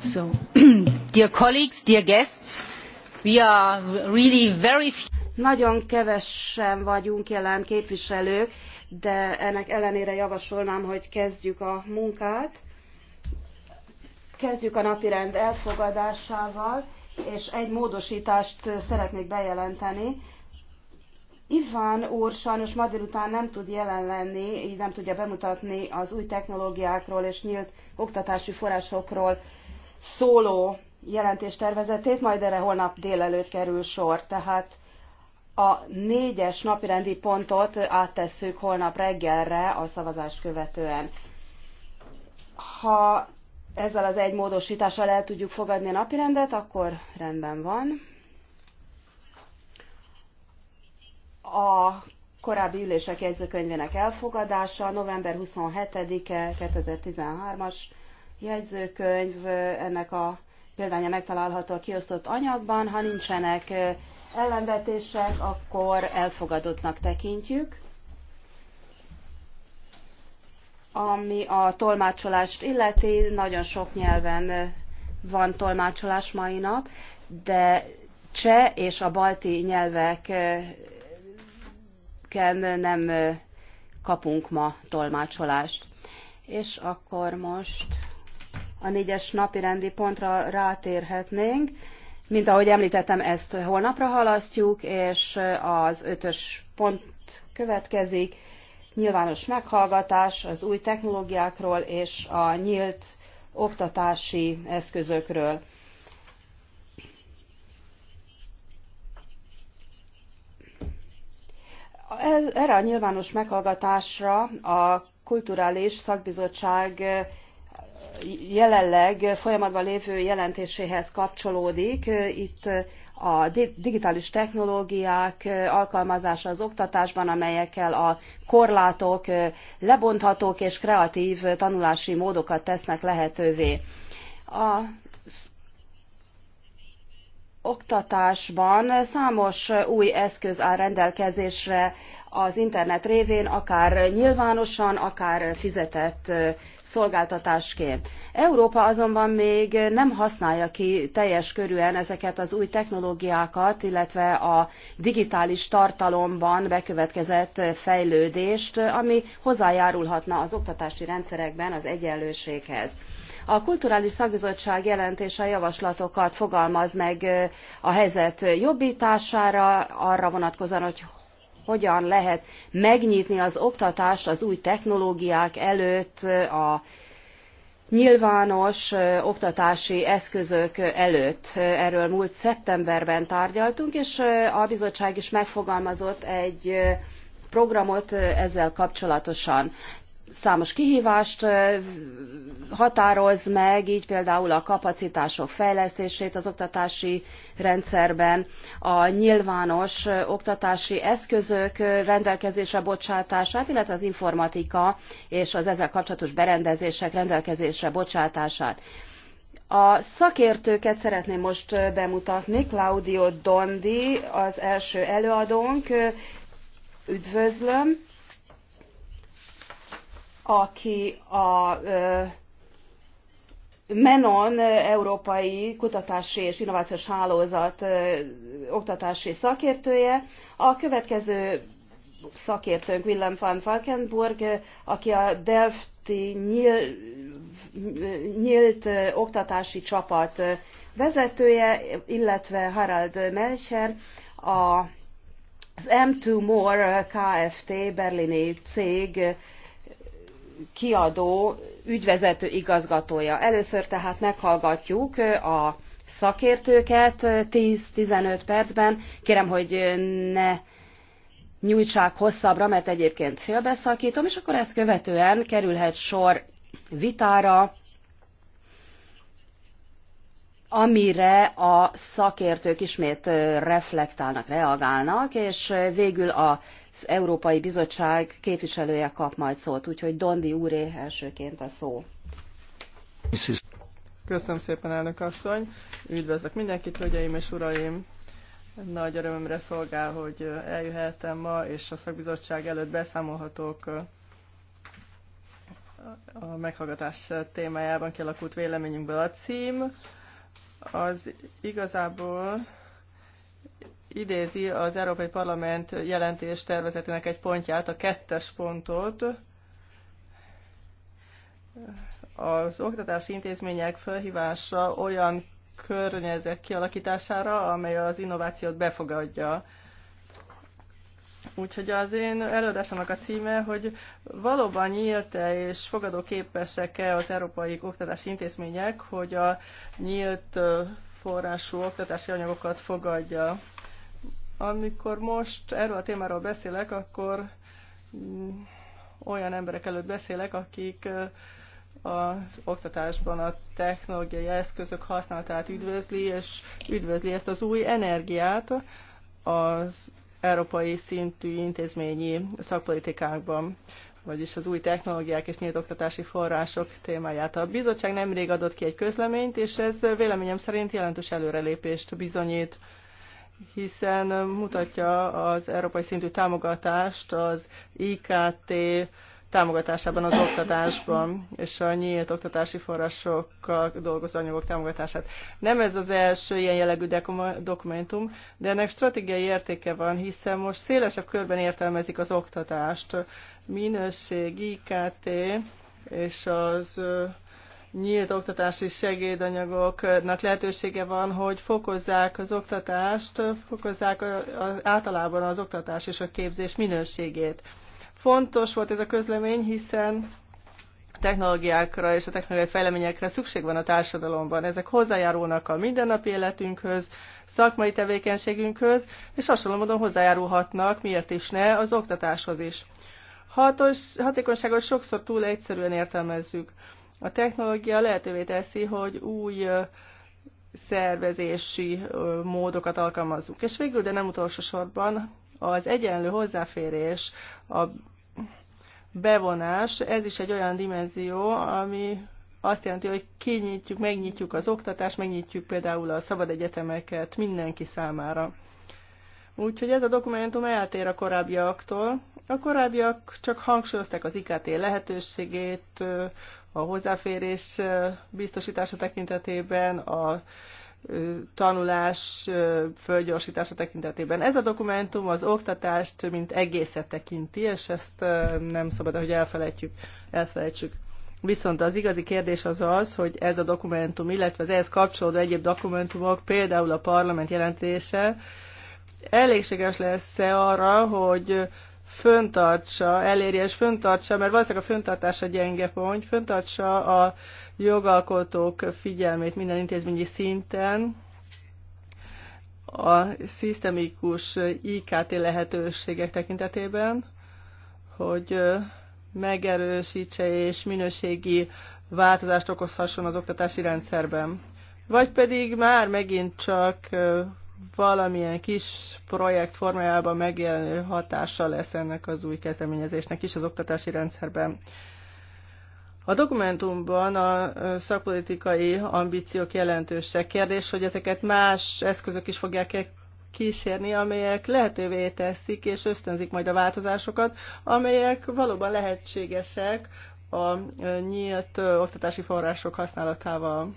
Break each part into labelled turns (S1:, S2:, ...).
S1: dear colleagues, dear guests, Nagyon kevesen vagyunk jelen képviselők, de ennek ellenére javasolnám, hogy kezdjük a munkát. Kezdjük a napirend elfogadásával, és egy módosítást szeretnék bejelenteni. Iván úr sajnos ma délután nem tud jelen lenni, így nem tudja bemutatni az új technológiákról és nylt oktatási forrásokról szóló jelentéstervezetét, majd erre holnap délelőtt kerül sor. Tehát a négyes napirendi pontot áttesszük holnap reggelre a szavazást követően. Ha ezzel az egy módosítással el tudjuk fogadni a napirendet, akkor rendben van. A korábbi ülések jegyzőkönyvének elfogadása november 27-e 2013-as jegyzőkönyv ennek a példánya megtalálható a kiosztott anyagban. Ha nincsenek ellenvetések, akkor elfogadottnak tekintjük. Ami a tolmácsolást illeti, nagyon sok nyelven van tolmácsolás mai nap, de cseh és a balti nyelveken nem kapunk ma tolmácsolást. És akkor most a négyes napi rendi pontra rátérhetnénk. Mint ahogy említettem, ezt holnapra halasztjuk, és az ötös pont következik. Nyilvános meghallgatás az új technológiákról és a nyílt oktatási eszközökről. Erre a nyilvános meghallgatásra a Kulturális Szakbizottság jelenleg folyamatban lévő jelentéséhez kapcsolódik. Itt a digitális technológiák alkalmazása az oktatásban, amelyekkel a korlátok lebonthatók és kreatív tanulási módokat tesznek lehetővé. A oktatásban számos új eszköz áll rendelkezésre az internet révén, akár nyilvánosan, akár fizetett szolgáltatásként. Európa azonban még nem használja ki teljes körűen ezeket az új technológiákat, illetve a digitális tartalomban bekövetkezett fejlődést, ami hozzájárulhatna az oktatási rendszerekben az egyenlőséghez. A kulturális szakbizottság jelentése javaslatokat fogalmaz meg a helyzet jobbítására, arra vonatkozóan, hogy hogyan lehet megnyitni az oktatást az új technológiák előtt, a nyilvános oktatási eszközök előtt. Erről múlt szeptemberben tárgyaltunk, és a bizottság is megfogalmazott egy programot ezzel kapcsolatosan számos kihívást határoz meg, így például a kapacitások fejlesztését az oktatási rendszerben, a nyilvános oktatási eszközök rendelkezésre bocsátását, illetve az informatika és az ezzel kapcsolatos berendezések rendelkezésre bocsátását. A szakértőket szeretném most bemutatni. Claudio Dondi az első előadónk. Üdvözlöm! aki a Menon Európai Kutatási és Innovációs Hálózat oktatási szakértője. A következő szakértőnk Willem van Falkenburg, aki a Delfti nyíl, nyílt oktatási csapat vezetője, illetve Harald Melcher, a az M2 More Kft. berlini cég kiadó ügyvezető igazgatója. Először tehát meghallgatjuk a szakértőket 10-15 percben. Kérem, hogy ne nyújtsák hosszabbra, mert egyébként félbeszakítom, és akkor ezt követően kerülhet sor vitára, amire a szakértők ismét reflektálnak, reagálnak, és végül a Európai Bizottság képviselője kap majd szót, úgyhogy Dondi úré
S2: elsőként a szó. Köszönöm szépen, elnök asszony! Üdvözlök mindenkit, hölgyeim és uraim! Nagy örömömre szolgál, hogy eljöhettem ma, és a szakbizottság előtt beszámolhatok a meghallgatás témájában kialakult véleményünkből a cím. Az igazából idézi az Európai Parlament jelentés tervezetének egy pontját, a kettes pontot. Az oktatási intézmények felhívása olyan környezet kialakítására, amely az innovációt befogadja. Úgyhogy az én előadásomnak a címe, hogy valóban nyílt-e és fogadóképesek-e az európai oktatási intézmények, hogy a nyílt forrású oktatási anyagokat fogadja. Amikor most erről a témáról beszélek, akkor mm, olyan emberek előtt beszélek, akik az oktatásban a technológiai eszközök használatát üdvözli, és üdvözli ezt az új energiát az európai szintű intézményi szakpolitikákban vagyis az új technológiák és nyílt oktatási források témáját. A bizottság nemrég adott ki egy közleményt, és ez véleményem szerint jelentős előrelépést bizonyít hiszen mutatja az európai szintű támogatást az IKT támogatásában az oktatásban, és a nyílt oktatási forrásokkal dolgozó anyagok támogatását. Nem ez az első ilyen jellegű dokumentum, de ennek stratégiai értéke van, hiszen most szélesebb körben értelmezik az oktatást. Minőség, IKT és az nyílt oktatási segédanyagoknak lehetősége van, hogy fokozzák az oktatást, fokozzák általában az oktatás és a képzés minőségét. Fontos volt ez a közlemény, hiszen technológiákra és a technológiai fejleményekre szükség van a társadalomban. Ezek hozzájárulnak a mindennapi életünkhöz, szakmai tevékenységünkhöz, és hasonló módon hozzájárulhatnak, miért is ne, az oktatáshoz is. Hatos, hatékonyságot sokszor túl egyszerűen értelmezzük. A technológia lehetővé teszi, hogy új szervezési módokat alkalmazzunk. És végül, de nem utolsó sorban, az egyenlő hozzáférés, a bevonás, ez is egy olyan dimenzió, ami azt jelenti, hogy kinyitjuk, megnyitjuk az oktatást, megnyitjuk például a szabad egyetemeket mindenki számára. Úgyhogy ez a dokumentum eltér a korábbiaktól. A korábbiak csak hangsúlyozták az IKT lehetőségét, a hozzáférés biztosítása tekintetében, a tanulás fölgyorsítása tekintetében. Ez a dokumentum az oktatást, mint egészet tekinti, és ezt nem szabad, hogy elfelejtjük. elfelejtsük. Viszont az igazi kérdés az az, hogy ez a dokumentum, illetve az ehhez kapcsolódó egyéb dokumentumok, például a parlament jelentése, elégséges lesz-e arra, hogy föntartsa, elérje és föntartsa, mert valószínűleg a föntartása gyenge pont, föntartsa a jogalkotók figyelmét minden intézményi szinten a szisztemikus IKT lehetőségek tekintetében, hogy megerősítse és minőségi változást okozhasson az oktatási rendszerben. Vagy pedig már megint csak valamilyen kis projekt formájában megjelenő hatása lesz ennek az új kezdeményezésnek is az oktatási rendszerben. A dokumentumban a szakpolitikai ambíciók jelentősek. Kérdés, hogy ezeket más eszközök is fogják -e kísérni, amelyek lehetővé teszik és ösztönzik majd a változásokat, amelyek valóban lehetségesek a nyílt oktatási források használatával.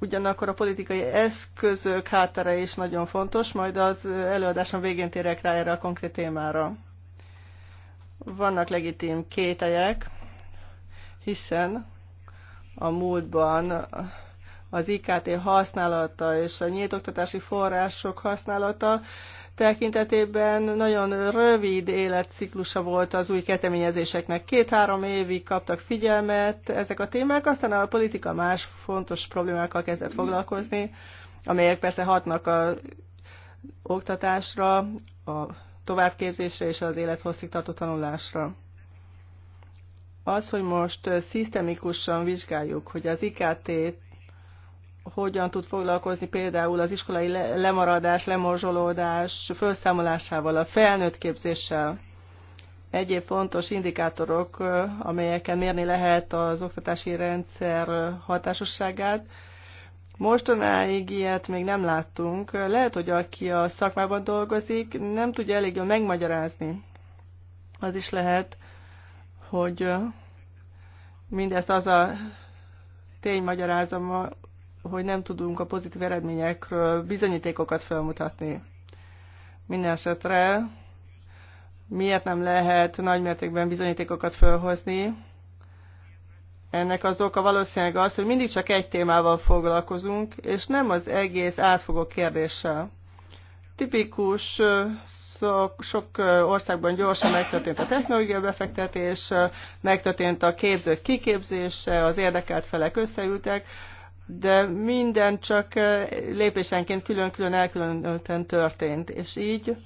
S2: Ugyanakkor a politikai eszközök háttere is nagyon fontos, majd az előadásom végén térek rá erre a konkrét témára. Vannak legitim kételyek, hiszen a múltban az IKT használata és a nyílt oktatási források használata tekintetében nagyon rövid életciklusa volt az új kezdeményezéseknek. Két-három évig kaptak figyelmet ezek a témák, aztán a politika más fontos problémákkal kezdett foglalkozni, amelyek persze hatnak a oktatásra, a továbbképzésre és az élethosszig tanulásra. Az, hogy most szisztemikusan vizsgáljuk, hogy az IKT-t hogyan tud foglalkozni például az iskolai lemaradás, lemorzsolódás felszámolásával, a felnőtt képzéssel, egyéb fontos indikátorok, amelyeken mérni lehet az oktatási rendszer hatásosságát. Mostanáig ilyet még nem láttunk. Lehet, hogy aki a szakmában dolgozik, nem tudja elég jól megmagyarázni. Az is lehet, hogy mindezt az a tény magyarázom, hogy nem tudunk a pozitív eredményekről bizonyítékokat felmutatni. Minden esetre miért nem lehet nagymértékben bizonyítékokat felhozni? Ennek az oka valószínűleg az, hogy mindig csak egy témával foglalkozunk, és nem az egész átfogó kérdéssel. Tipikus sok, sok országban gyorsan megtörtént a technológia befektetés, megtörtént a képzők kiképzése, az érdekelt felek összeültek, de minden csak lépésenként külön-külön elkülönülten történt, és így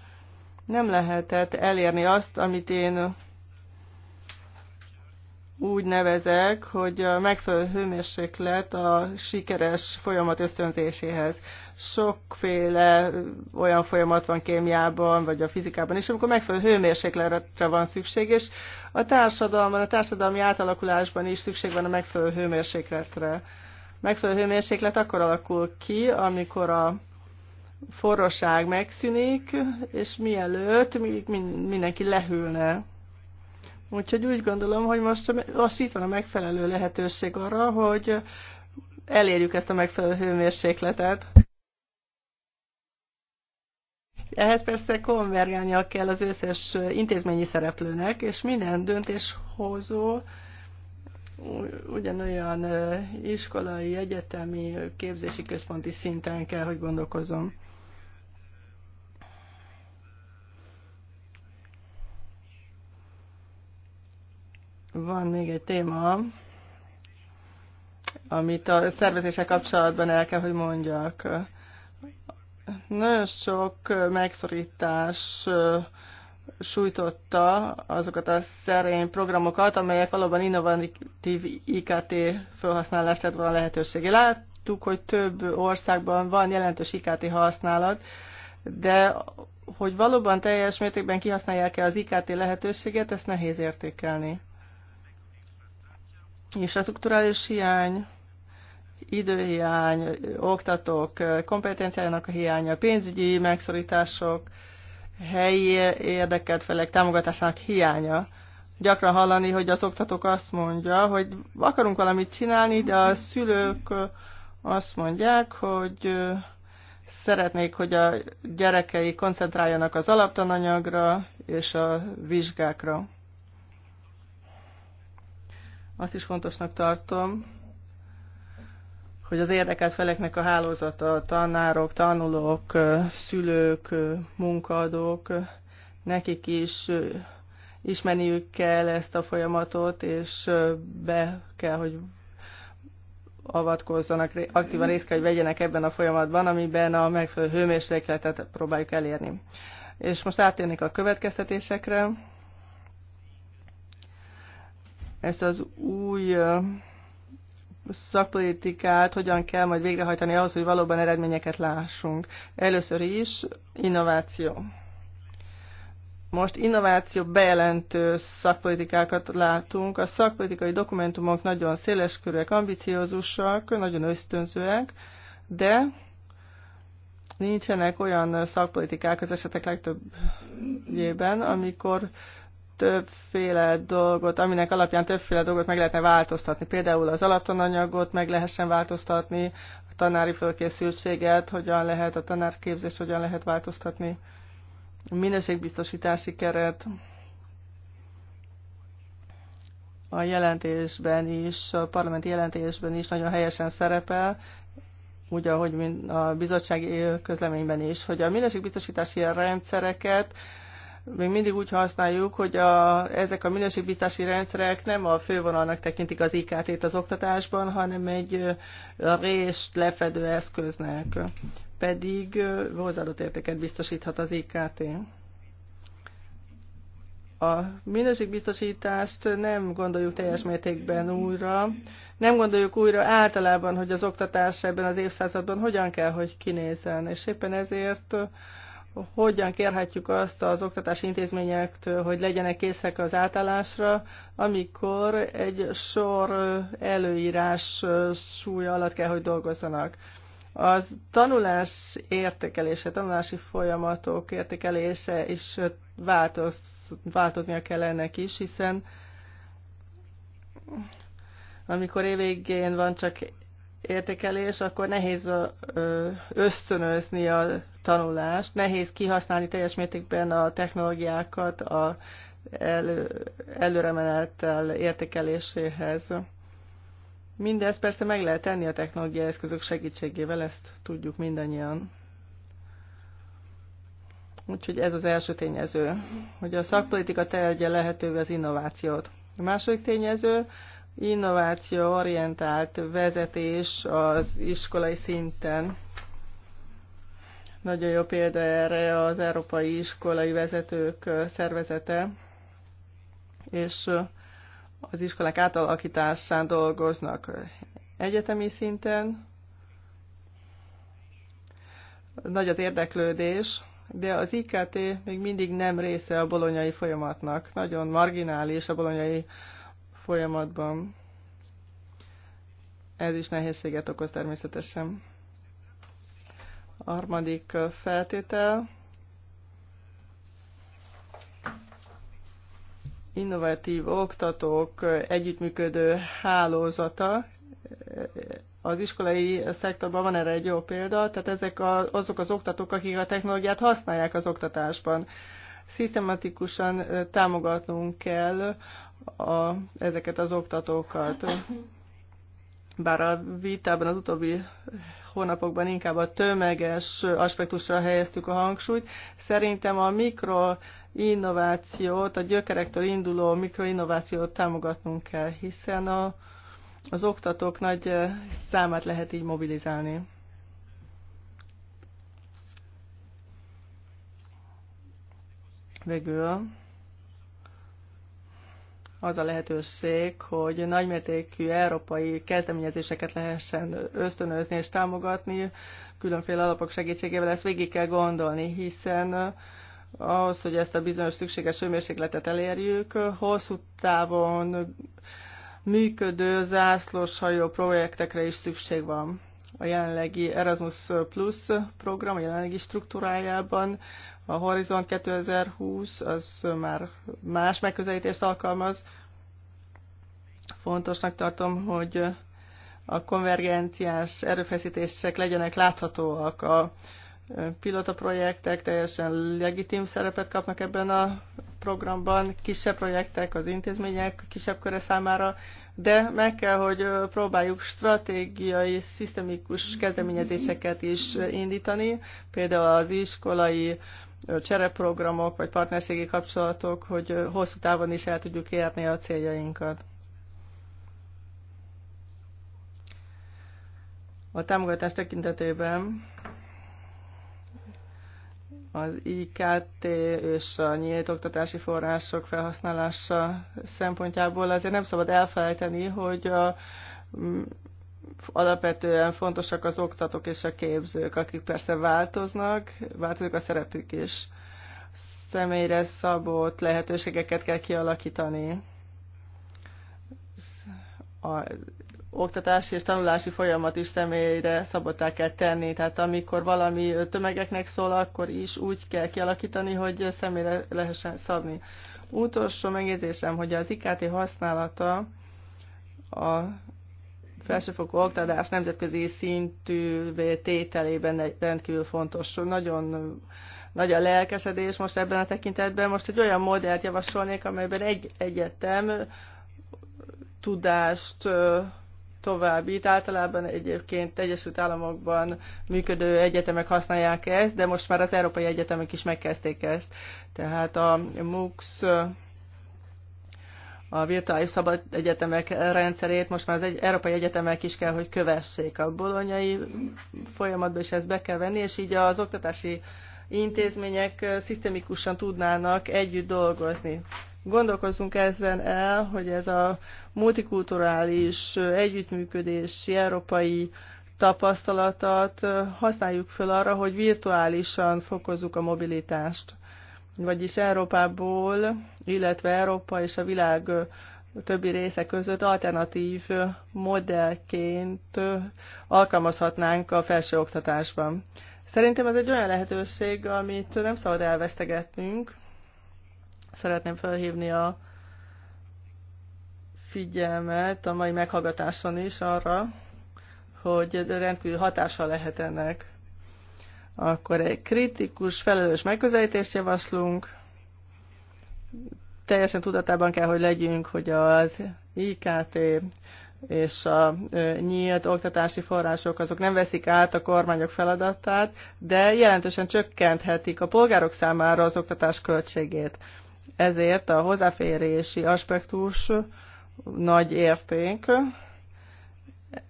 S2: nem lehetett elérni azt, amit én úgy nevezek, hogy a megfelelő hőmérséklet a sikeres folyamat ösztönzéséhez. Sokféle olyan folyamat van kémiában, vagy a fizikában is, amikor megfelelő hőmérsékletre van szükség, és a társadalmi a társadalmi átalakulásban is szükség van a megfelelő hőmérsékletre megfelelő hőmérséklet akkor alakul ki, amikor a forróság megszűnik, és mielőtt mindenki lehűlne. Úgyhogy úgy gondolom, hogy most, most itt van a megfelelő lehetőség arra, hogy elérjük ezt a megfelelő hőmérsékletet. Ehhez persze konvergálnia kell az összes intézményi szereplőnek, és minden döntéshozó ugyanolyan iskolai, egyetemi, képzési központi szinten kell, hogy gondolkozom. Van még egy téma, amit a szervezése kapcsolatban el kell, hogy mondjak. Nagyon sok megszorítás sújtotta azokat a szerény programokat, amelyek valóban innovatív IKT felhasználást lett volna lehetősége. Láttuk, hogy több országban van jelentős IKT használat, de hogy valóban teljes mértékben kihasználják-e az IKT lehetőséget, ezt nehéz értékelni. a strukturális hiány, időhiány, oktatók kompetenciájának a hiánya, pénzügyi megszorítások, helyi érdekelt felek támogatásának hiánya. Gyakran hallani, hogy az oktatók azt mondja, hogy akarunk valamit csinálni, de a szülők azt mondják, hogy szeretnék, hogy a gyerekei koncentráljanak az alaptananyagra és a vizsgákra. Azt is fontosnak tartom, hogy az érdekelt feleknek a hálózata, tanárok, tanulók, szülők, munkadók, nekik is ismerniük kell ezt a folyamatot, és be kell, hogy avatkozzanak, aktívan részt kell, hogy vegyenek ebben a folyamatban, amiben a megfelelő hőmérsékletet próbáljuk elérni. És most átérnék a következtetésekre. Ezt az új szakpolitikát hogyan kell majd végrehajtani ahhoz, hogy valóban eredményeket lássunk. Először is innováció. Most innováció bejelentő szakpolitikákat látunk. A szakpolitikai dokumentumok nagyon széleskörűek, ambiciózusak, nagyon ösztönzőek, de nincsenek olyan szakpolitikák az esetek legtöbbjében, amikor többféle dolgot, aminek alapján többféle dolgot meg lehetne változtatni. Például az alaptananyagot meg lehessen változtatni, a tanári fölkészültséget, hogyan lehet a tanárképzést, hogyan lehet változtatni, a minőségbiztosítási keret, a jelentésben is, a parlamenti jelentésben is nagyon helyesen szerepel, úgy, ahogy a bizottsági közleményben is, hogy a minőségbiztosítási rendszereket még mindig úgy használjuk, hogy a, ezek a minőségbiztási rendszerek nem a fővonalnak tekintik az IKT-t az oktatásban, hanem egy részt lefedő eszköznek. Pedig hozzáadott értéket biztosíthat az IKT. A minőségbiztosítást nem gondoljuk teljes mértékben újra. Nem gondoljuk újra általában, hogy az oktatás ebben az évszázadban hogyan kell, hogy kinézzen. És éppen ezért hogyan kérhetjük azt az oktatási intézményektől, hogy legyenek készek az átállásra, amikor egy sor előírás súlya alatt kell, hogy dolgozzanak. Az tanulás értékelése, tanulási folyamatok értékelése is változ, változnia kell ennek is, hiszen amikor évvégén van csak értékelés, akkor nehéz ösztönözni a tanulást. Nehéz kihasználni teljes mértékben a technológiákat a elő, menettel értékeléséhez. Mindezt persze meg lehet tenni a technológiai eszközök segítségével, ezt tudjuk mindannyian. Úgyhogy ez az első tényező, hogy a szakpolitika tegye lehetővé az innovációt. A második tényező, innováció orientált vezetés az iskolai szinten. Nagyon jó példa erre az Európai Iskolai Vezetők Szervezete, és az iskolák átalakításán dolgoznak egyetemi szinten. Nagy az érdeklődés, de az IKT még mindig nem része a bolonyai folyamatnak. Nagyon marginális a bolonyai folyamatban. Ez is nehézséget okoz természetesen. Harmadik feltétel. Innovatív oktatók együttműködő hálózata. Az iskolai szektorban van erre egy jó példa, tehát ezek a, azok az oktatók, akik a technológiát használják az oktatásban. Szisztematikusan támogatnunk kell a, ezeket az oktatókat. Bár a vitában az utóbbi hónapokban inkább a tömeges aspektusra helyeztük a hangsúlyt. Szerintem a mikro innovációt, a gyökerektől induló mikroinnovációt támogatnunk kell, hiszen a, az oktatók nagy eh, számát lehet így mobilizálni. Végül az a lehetőség, hogy nagymértékű európai kezdeményezéseket lehessen ösztönözni és támogatni, különféle alapok segítségével ezt végig kell gondolni, hiszen ahhoz, hogy ezt a bizonyos szükséges hőmérsékletet elérjük, hosszú távon működő zászlós hajó projektekre is szükség van. A jelenlegi Erasmus Plus program a jelenlegi struktúrájában a Horizon 2020 az már más megközelítést alkalmaz. Fontosnak tartom, hogy a konvergenciás erőfeszítések legyenek láthatóak. A pilota projektek teljesen legitim szerepet kapnak ebben a programban, kisebb projektek az intézmények kisebb köre számára, de meg kell, hogy próbáljuk stratégiai, szisztemikus kezdeményezéseket is indítani, például az iskolai csereprogramok vagy partnerségi kapcsolatok, hogy hosszú távon is el tudjuk érni a céljainkat. A támogatás tekintetében az IKT és a nyílt oktatási források felhasználása szempontjából azért nem szabad elfelejteni, hogy a alapvetően fontosak az oktatók és a képzők, akik persze változnak, változik a szerepük is. Személyre szabott lehetőségeket kell kialakítani. A oktatási és tanulási folyamat is személyre szabottá kell tenni. Tehát amikor valami tömegeknek szól, akkor is úgy kell kialakítani, hogy személyre lehessen szabni. Utolsó megjegyzésem, hogy az IKT használata a felsőfokú oktatás nemzetközi szintű tételében egy rendkívül fontos, nagyon nagy a lelkesedés most ebben a tekintetben. Most egy olyan modellt javasolnék, amelyben egy egyetem tudást továbbít. Általában egyébként Egyesült Államokban működő egyetemek használják ezt, de most már az európai egyetemek is megkezdték ezt. Tehát a MOOCs a virtuális szabad egyetemek rendszerét most már az egy, európai egyetemek is kell, hogy kövessék a bolonyai folyamatba, és ezt be kell venni, és így az oktatási intézmények szisztemikusan tudnának együtt dolgozni. Gondolkozzunk ezen el, hogy ez a multikulturális együttműködési európai tapasztalatot használjuk föl arra, hogy virtuálisan fokozzuk a mobilitást vagyis Európából, illetve Európa és a világ többi része között alternatív modellként alkalmazhatnánk a felsőoktatásban. Szerintem ez egy olyan lehetőség, amit nem szabad elvesztegetnünk. Szeretném felhívni a figyelmet a mai meghallgatáson is arra, hogy rendkívül hatása lehet ennek. Akkor egy kritikus, felelős megközelítést javaslunk. Teljesen tudatában kell, hogy legyünk, hogy az IKT és a nyílt oktatási források azok nem veszik át a kormányok feladatát, de jelentősen csökkenthetik a polgárok számára az oktatás költségét. Ezért a hozzáférési aspektus nagy érték,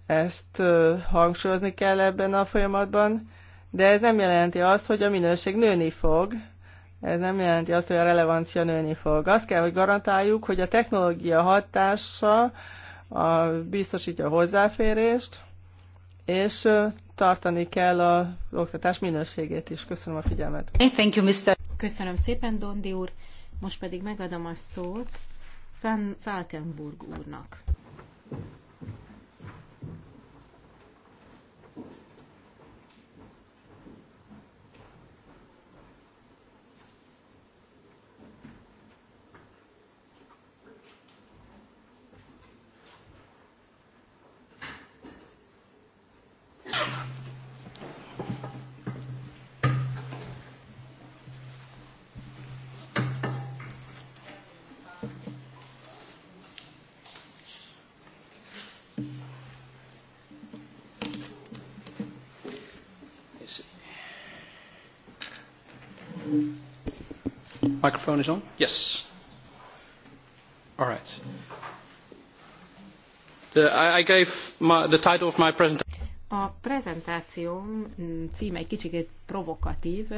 S2: ezt hangsúlyozni kell ebben a folyamatban, de ez nem jelenti azt, hogy a minőség nőni fog, ez nem jelenti azt, hogy a relevancia nőni fog. Azt kell, hogy garantáljuk, hogy a technológia hatása a, biztosítja a hozzáférést, és tartani kell a oktatás minőségét is. Köszönöm a figyelmet. Thank you,
S3: Mr. Köszönöm szépen, Dondi úr. Most pedig megadom a szót Falkenburg úrnak.
S2: Microphone is on? Yes. All right. The, I, I gave my, the title of my presentation.
S3: A prezentációm címe egy kicsit provokatív.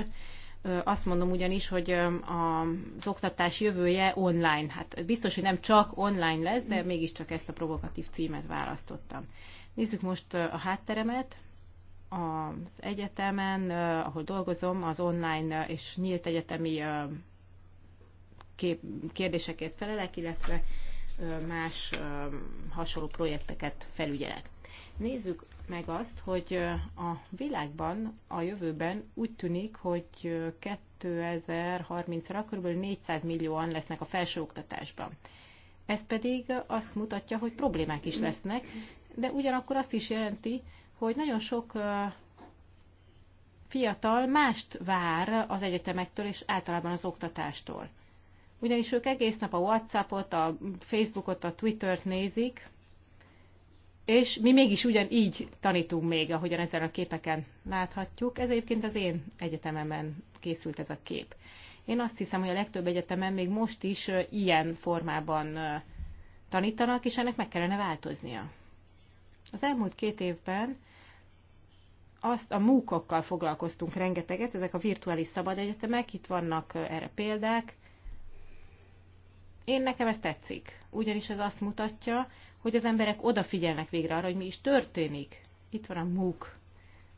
S3: Azt mondom ugyanis, hogy az oktatás jövője online. Hát biztos, hogy nem csak online lesz, de mégiscsak ezt a provokatív címet választottam. Nézzük most a hátteremet. Az egyetemen, ahol dolgozom, az online és nyílt egyetemi kép, kérdésekért felelek, illetve más hasonló projekteket felügyelek. Nézzük meg azt, hogy a világban a jövőben úgy tűnik, hogy 2030-ra kb. 400 millióan lesznek a felsőoktatásban. Ez pedig azt mutatja, hogy problémák is lesznek, de ugyanakkor azt is jelenti, hogy nagyon sok fiatal mást vár az egyetemektől és általában az oktatástól ugyanis ők egész nap a Whatsappot, a Facebookot, a Twittert nézik, és mi mégis ugyanígy tanítunk még, ahogyan ezen a képeken láthatjuk. Ez egyébként az én egyetememen készült ez a kép. Én azt hiszem, hogy a legtöbb egyetemen még most is ilyen formában tanítanak, és ennek meg kellene változnia. Az elmúlt két évben azt a múkokkal foglalkoztunk rengeteget, ezek a virtuális szabad egyetemek, itt vannak erre példák, én nekem ez tetszik, ugyanis ez azt mutatja, hogy az emberek odafigyelnek végre arra, hogy mi is történik. Itt van a MOOC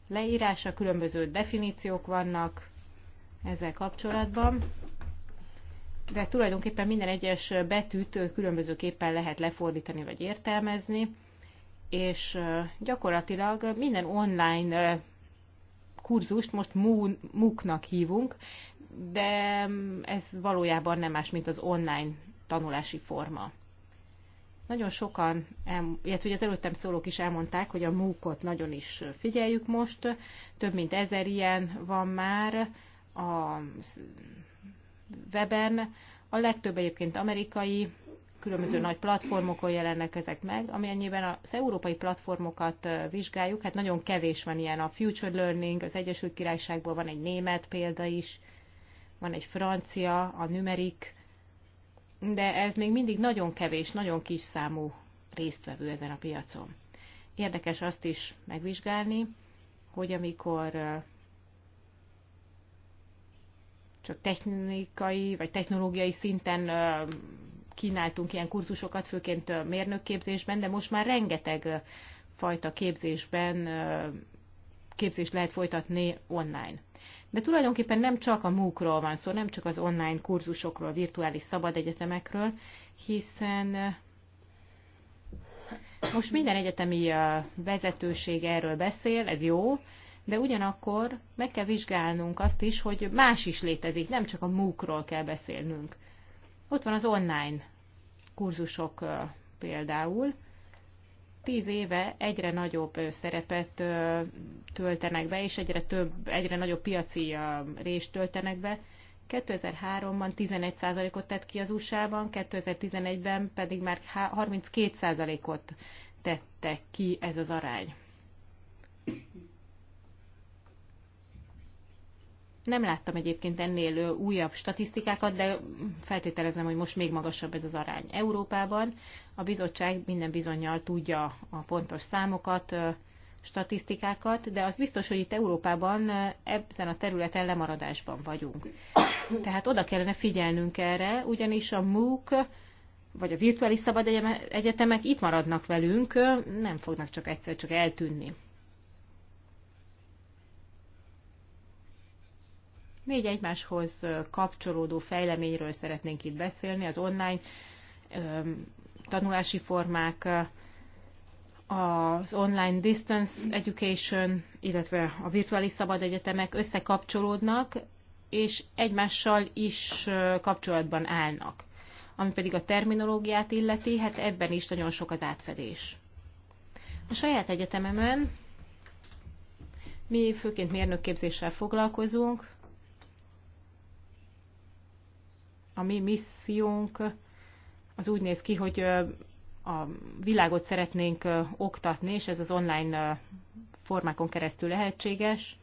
S3: leírása, különböző definíciók vannak ezzel kapcsolatban, de tulajdonképpen minden egyes betűt különbözőképpen lehet lefordítani vagy értelmezni, és gyakorlatilag minden online kurzust most MOOC-nak hívunk, de mm, ez valójában nem más, mint az online tanulási forma. Nagyon sokan, illetve az előttem szólók is elmondták, hogy a múkot nagyon is figyeljük most. Több mint ezer ilyen van már a weben. A legtöbb egyébként amerikai, különböző nagy platformokon jelennek ezek meg, amennyiben az európai platformokat vizsgáljuk, hát nagyon kevés van ilyen. A Future Learning, az Egyesült Királyságból van egy német példa is, van egy francia, a Numerik, de ez még mindig nagyon kevés, nagyon kis számú résztvevő ezen a piacon. Érdekes azt is megvizsgálni, hogy amikor csak technikai vagy technológiai szinten kínáltunk ilyen kurzusokat, főként mérnökképzésben, de most már rengeteg fajta képzésben képzést lehet folytatni online. De tulajdonképpen nem csak a MOOC-ról van szó, nem csak az online kurzusokról, virtuális szabad egyetemekről, hiszen eh, most minden egyetemi eh, vezetőség erről beszél, ez jó, de ugyanakkor meg kell vizsgálnunk azt is, hogy más is létezik, nem csak a MOOC-ról kell beszélnünk. Ott van az online kurzusok eh, például, tíz éve egyre nagyobb szerepet töltenek be, és egyre több, egyre nagyobb piaci részt töltenek be. 2003-ban 11%-ot tett ki az USA-ban, 2011-ben pedig már 32%-ot tettek ki ez az arány. Nem láttam egyébként ennél újabb statisztikákat, de feltételezem, hogy most még magasabb ez az arány Európában. A bizottság minden bizonyal tudja a pontos számokat, statisztikákat, de az biztos, hogy itt Európában ebben a területen lemaradásban vagyunk. Tehát oda kellene figyelnünk erre, ugyanis a MOOC vagy a virtuális szabad egyetemek itt maradnak velünk, nem fognak csak egyszer csak eltűnni. Négy egymáshoz kapcsolódó fejleményről szeretnénk itt beszélni, az online tanulási formák, az online distance education, illetve a virtuális szabad egyetemek összekapcsolódnak, és egymással is kapcsolatban állnak. Ami pedig a terminológiát illeti, hát ebben is nagyon sok az átfedés. A saját egyetememen mi főként mérnökképzéssel foglalkozunk, a mi missziónk az úgy néz ki, hogy a világot szeretnénk oktatni, és ez az online formákon keresztül lehetséges.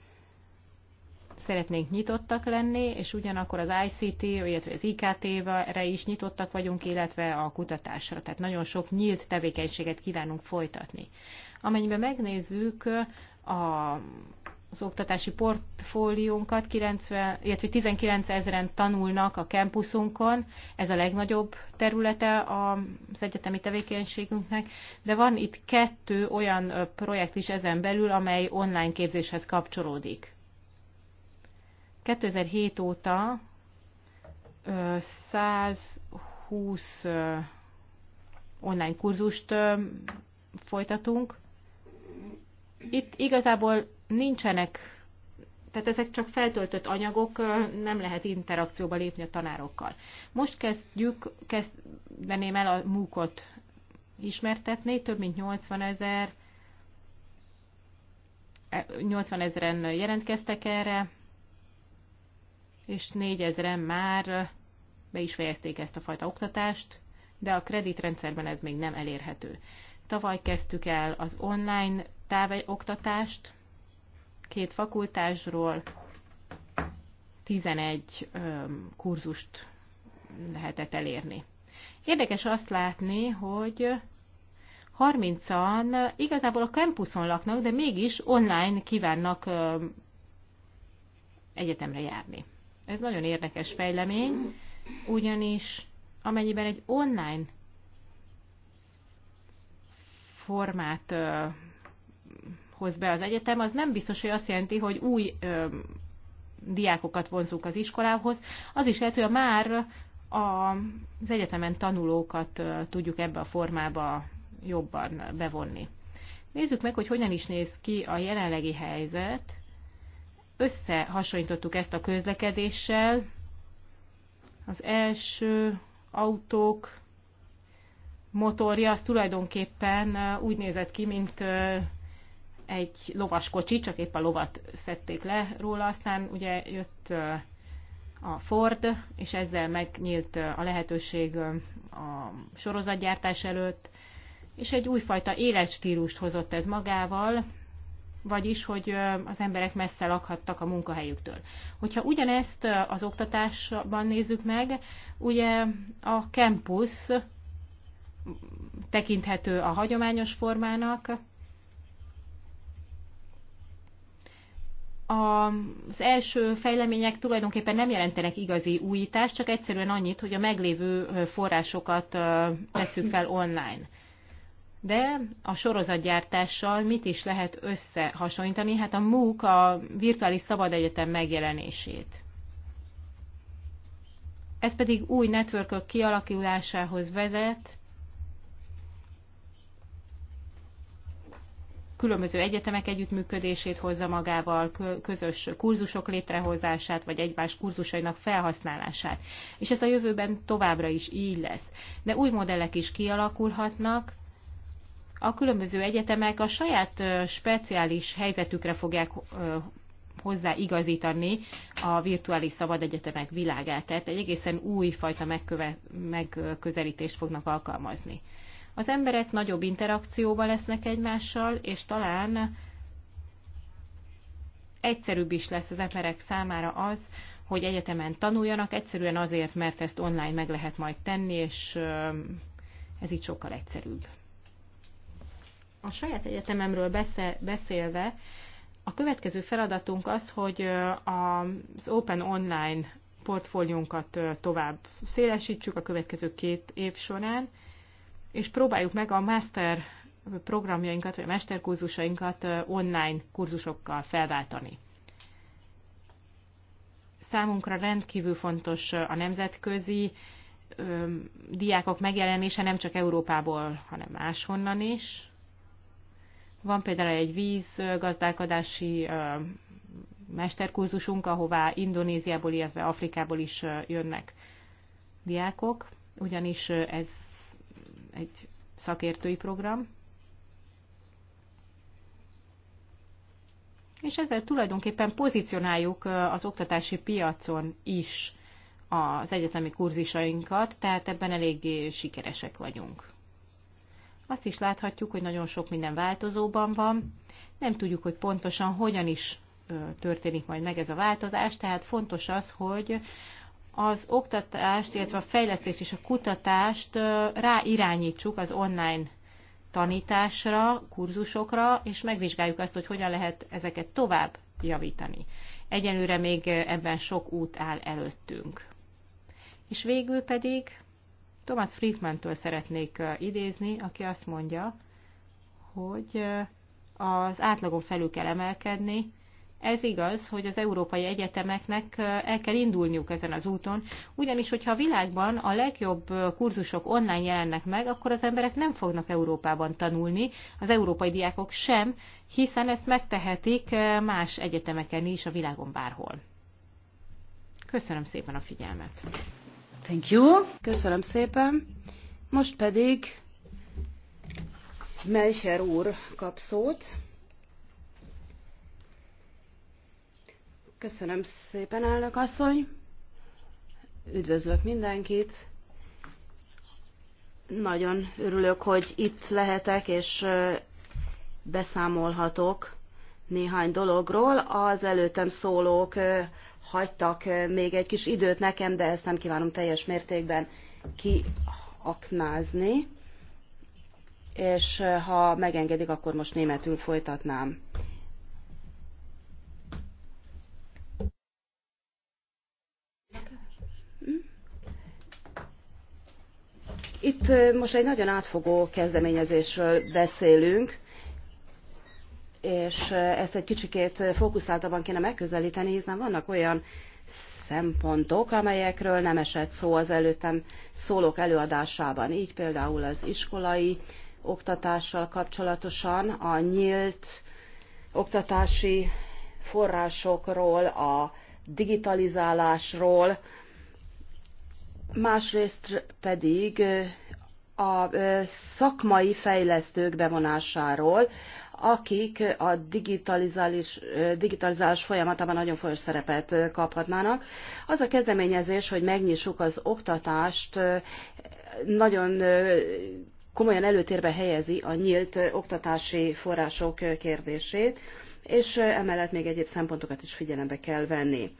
S3: Szeretnénk nyitottak lenni, és ugyanakkor az ICT, illetve az IKT-re is nyitottak vagyunk, illetve a kutatásra. Tehát nagyon sok nyílt tevékenységet kívánunk folytatni. Amennyiben megnézzük a az oktatási portfóliónkat, 90, illetve 19 ezeren tanulnak a kampuszunkon, ez a legnagyobb területe az egyetemi tevékenységünknek, de van itt kettő olyan projekt is ezen belül, amely online képzéshez kapcsolódik. 2007 óta 120 online kurzust folytatunk, itt igazából nincsenek, tehát ezek csak feltöltött anyagok, nem lehet interakcióba lépni a tanárokkal. Most kezdjük, kezdeném el a múkot ismertetni, több mint 80 ezer 80 e, ezeren jelentkeztek erre, és 4 ezeren már be is fejezték ezt a fajta oktatást, de a kreditrendszerben ez még nem elérhető. Tavaly kezdtük el az online oktatást két fakultásról 11 kurzust lehetett elérni. Érdekes azt látni, hogy 30-an igazából a campuson laknak, de mégis online kívánnak egyetemre járni. Ez nagyon érdekes fejlemény, ugyanis amennyiben egy online formát hoz be az egyetem, az nem biztos, hogy azt jelenti, hogy új ö, diákokat vonzunk az iskolához. Az is lehet, hogy a már a, az egyetemen tanulókat ö, tudjuk ebbe a formába jobban bevonni. Nézzük meg, hogy hogyan is néz ki a jelenlegi helyzet. Összehasonlítottuk ezt a közlekedéssel. Az első autók motorja az tulajdonképpen úgy nézett ki, mint egy lovas kocsi csak épp a lovat szedték le róla, aztán ugye jött a Ford, és ezzel megnyílt a lehetőség a sorozatgyártás előtt, és egy újfajta életstílust hozott ez magával, vagyis, hogy az emberek messze lakhattak a munkahelyüktől. Hogyha ugyanezt az oktatásban nézzük meg, ugye a campus tekinthető a hagyományos formának, az első fejlemények tulajdonképpen nem jelentenek igazi újítást, csak egyszerűen annyit, hogy a meglévő forrásokat tesszük fel online. De a sorozatgyártással mit is lehet összehasonlítani? Hát a MOOC a Virtuális Szabad Egyetem megjelenését. Ez pedig új networkök kialakulásához vezet, különböző egyetemek együttműködését hozza magával, közös kurzusok létrehozását, vagy egymás kurzusainak felhasználását. És ez a jövőben továbbra is így lesz. De új modellek is kialakulhatnak, a különböző egyetemek a saját speciális helyzetükre fogják hozzáigazítani a virtuális szabad egyetemek világát. Tehát egy egészen új fajta megköve, megközelítést fognak alkalmazni. Az emberek nagyobb interakcióba lesznek egymással, és talán egyszerűbb is lesz az emberek számára az, hogy egyetemen tanuljanak, egyszerűen azért, mert ezt online meg lehet majd tenni, és ez így sokkal egyszerűbb. A saját egyetememről beszélve, a következő feladatunk az, hogy az Open Online portfóliónkat tovább szélesítsük a következő két év során, és próbáljuk meg a master programjainkat, vagy a mesterkurzusainkat online kurzusokkal felváltani. Számunkra rendkívül fontos a nemzetközi diákok megjelenése nem csak Európából, hanem máshonnan is. Van például egy vízgazdálkodási mesterkurzusunk, ahová Indonéziából, illetve Afrikából is jönnek diákok, ugyanis ez egy szakértői program, és ezzel tulajdonképpen pozícionáljuk az oktatási piacon is az egyetemi kurzisainkat, tehát ebben eléggé sikeresek vagyunk. Azt is láthatjuk, hogy nagyon sok minden változóban van, nem tudjuk, hogy pontosan hogyan is történik majd meg ez a változás, tehát fontos az, hogy az oktatást, illetve a fejlesztést és a kutatást ráirányítsuk az online tanításra, kurzusokra, és megvizsgáljuk azt, hogy hogyan lehet ezeket tovább javítani. Egyelőre még ebben sok út áll előttünk. És végül pedig Thomas Friedman-től szeretnék idézni, aki azt mondja, hogy az átlagon felül kell emelkedni, ez igaz, hogy az európai egyetemeknek el kell indulniuk ezen az úton, ugyanis, hogyha a világban a legjobb kurzusok online jelennek meg, akkor az emberek nem fognak Európában tanulni, az európai diákok sem, hiszen ezt megtehetik más egyetemeken is a világon bárhol. Köszönöm szépen a figyelmet.
S1: Thank you. Köszönöm szépen. Most pedig Melcher úr kap szót. Köszönöm szépen, elnök asszony. Üdvözlök mindenkit. Nagyon örülök, hogy itt lehetek, és beszámolhatok néhány dologról. Az előttem szólók hagytak még egy kis időt nekem, de ezt nem kívánom teljes mértékben kiaknázni. És ha megengedik, akkor most németül folytatnám. Itt most egy nagyon átfogó kezdeményezésről beszélünk, és ezt egy kicsikét fókuszáltabban kéne megközelíteni, hiszen vannak olyan szempontok, amelyekről nem esett szó az előttem szólók előadásában. Így például az iskolai oktatással kapcsolatosan a nyílt oktatási forrásokról, a digitalizálásról, másrészt pedig a szakmai fejlesztők bevonásáról, akik a digitalizálás, digitalizálás folyamatában nagyon fontos szerepet kaphatnának. Az a kezdeményezés, hogy megnyissuk az oktatást, nagyon komolyan előtérbe helyezi a nyílt oktatási források kérdését, és emellett még egyéb szempontokat is figyelembe kell venni.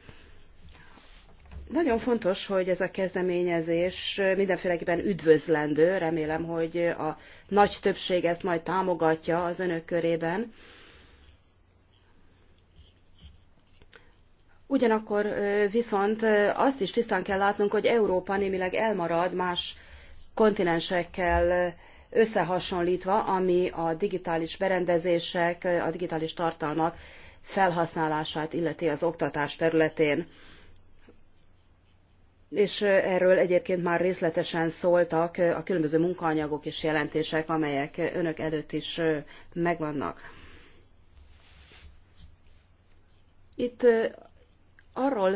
S1: Nagyon fontos, hogy ez a kezdeményezés mindenféleképpen üdvözlendő, remélem, hogy a nagy többség ezt majd támogatja az önök körében. Ugyanakkor viszont azt is tisztán kell látnunk, hogy Európa némileg elmarad más kontinensekkel összehasonlítva, ami a digitális berendezések, a digitális tartalmak felhasználását illeti az oktatás területén és erről egyébként már részletesen szóltak a különböző munkaanyagok és jelentések, amelyek önök előtt is megvannak. Itt arról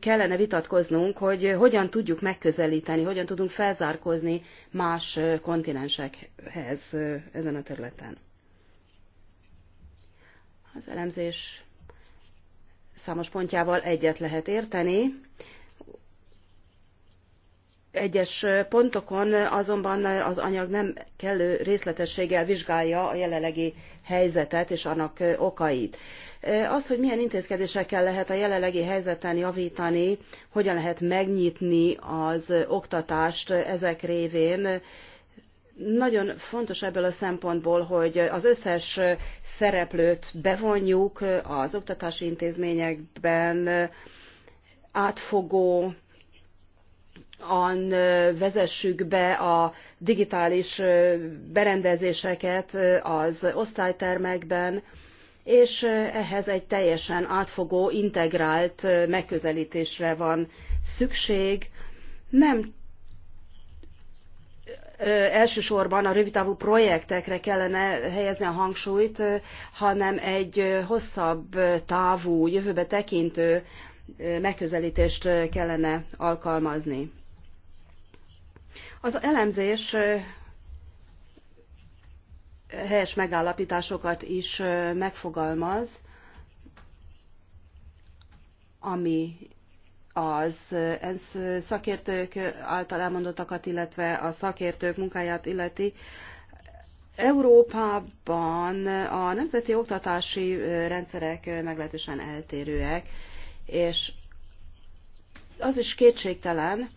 S1: kellene vitatkoznunk, hogy hogyan tudjuk megközelíteni, hogyan tudunk felzárkozni más kontinensekhez ezen a területen. Az elemzés számos pontjával egyet lehet érteni. Egyes pontokon azonban az anyag nem kellő részletességgel vizsgálja a jelenlegi helyzetet és annak okait. Az, hogy milyen intézkedésekkel lehet a jelenlegi helyzeten javítani, hogyan lehet megnyitni az oktatást ezek révén, nagyon fontos ebből a szempontból, hogy az összes szereplőt bevonjuk az oktatási intézményekben, átfogó an vezessük be a digitális berendezéseket az osztálytermekben, és ehhez egy teljesen átfogó, integrált megközelítésre van szükség, nem elsősorban a rövidtávú projektekre kellene helyezni a hangsúlyt, hanem egy hosszabb távú, jövőbe tekintő megközelítést kellene alkalmazni. Az elemzés helyes megállapításokat is megfogalmaz, ami az ENSZ szakértők által elmondottakat, illetve a szakértők munkáját illeti, Európában a nemzeti oktatási rendszerek meglehetősen eltérőek, és az is kétségtelen,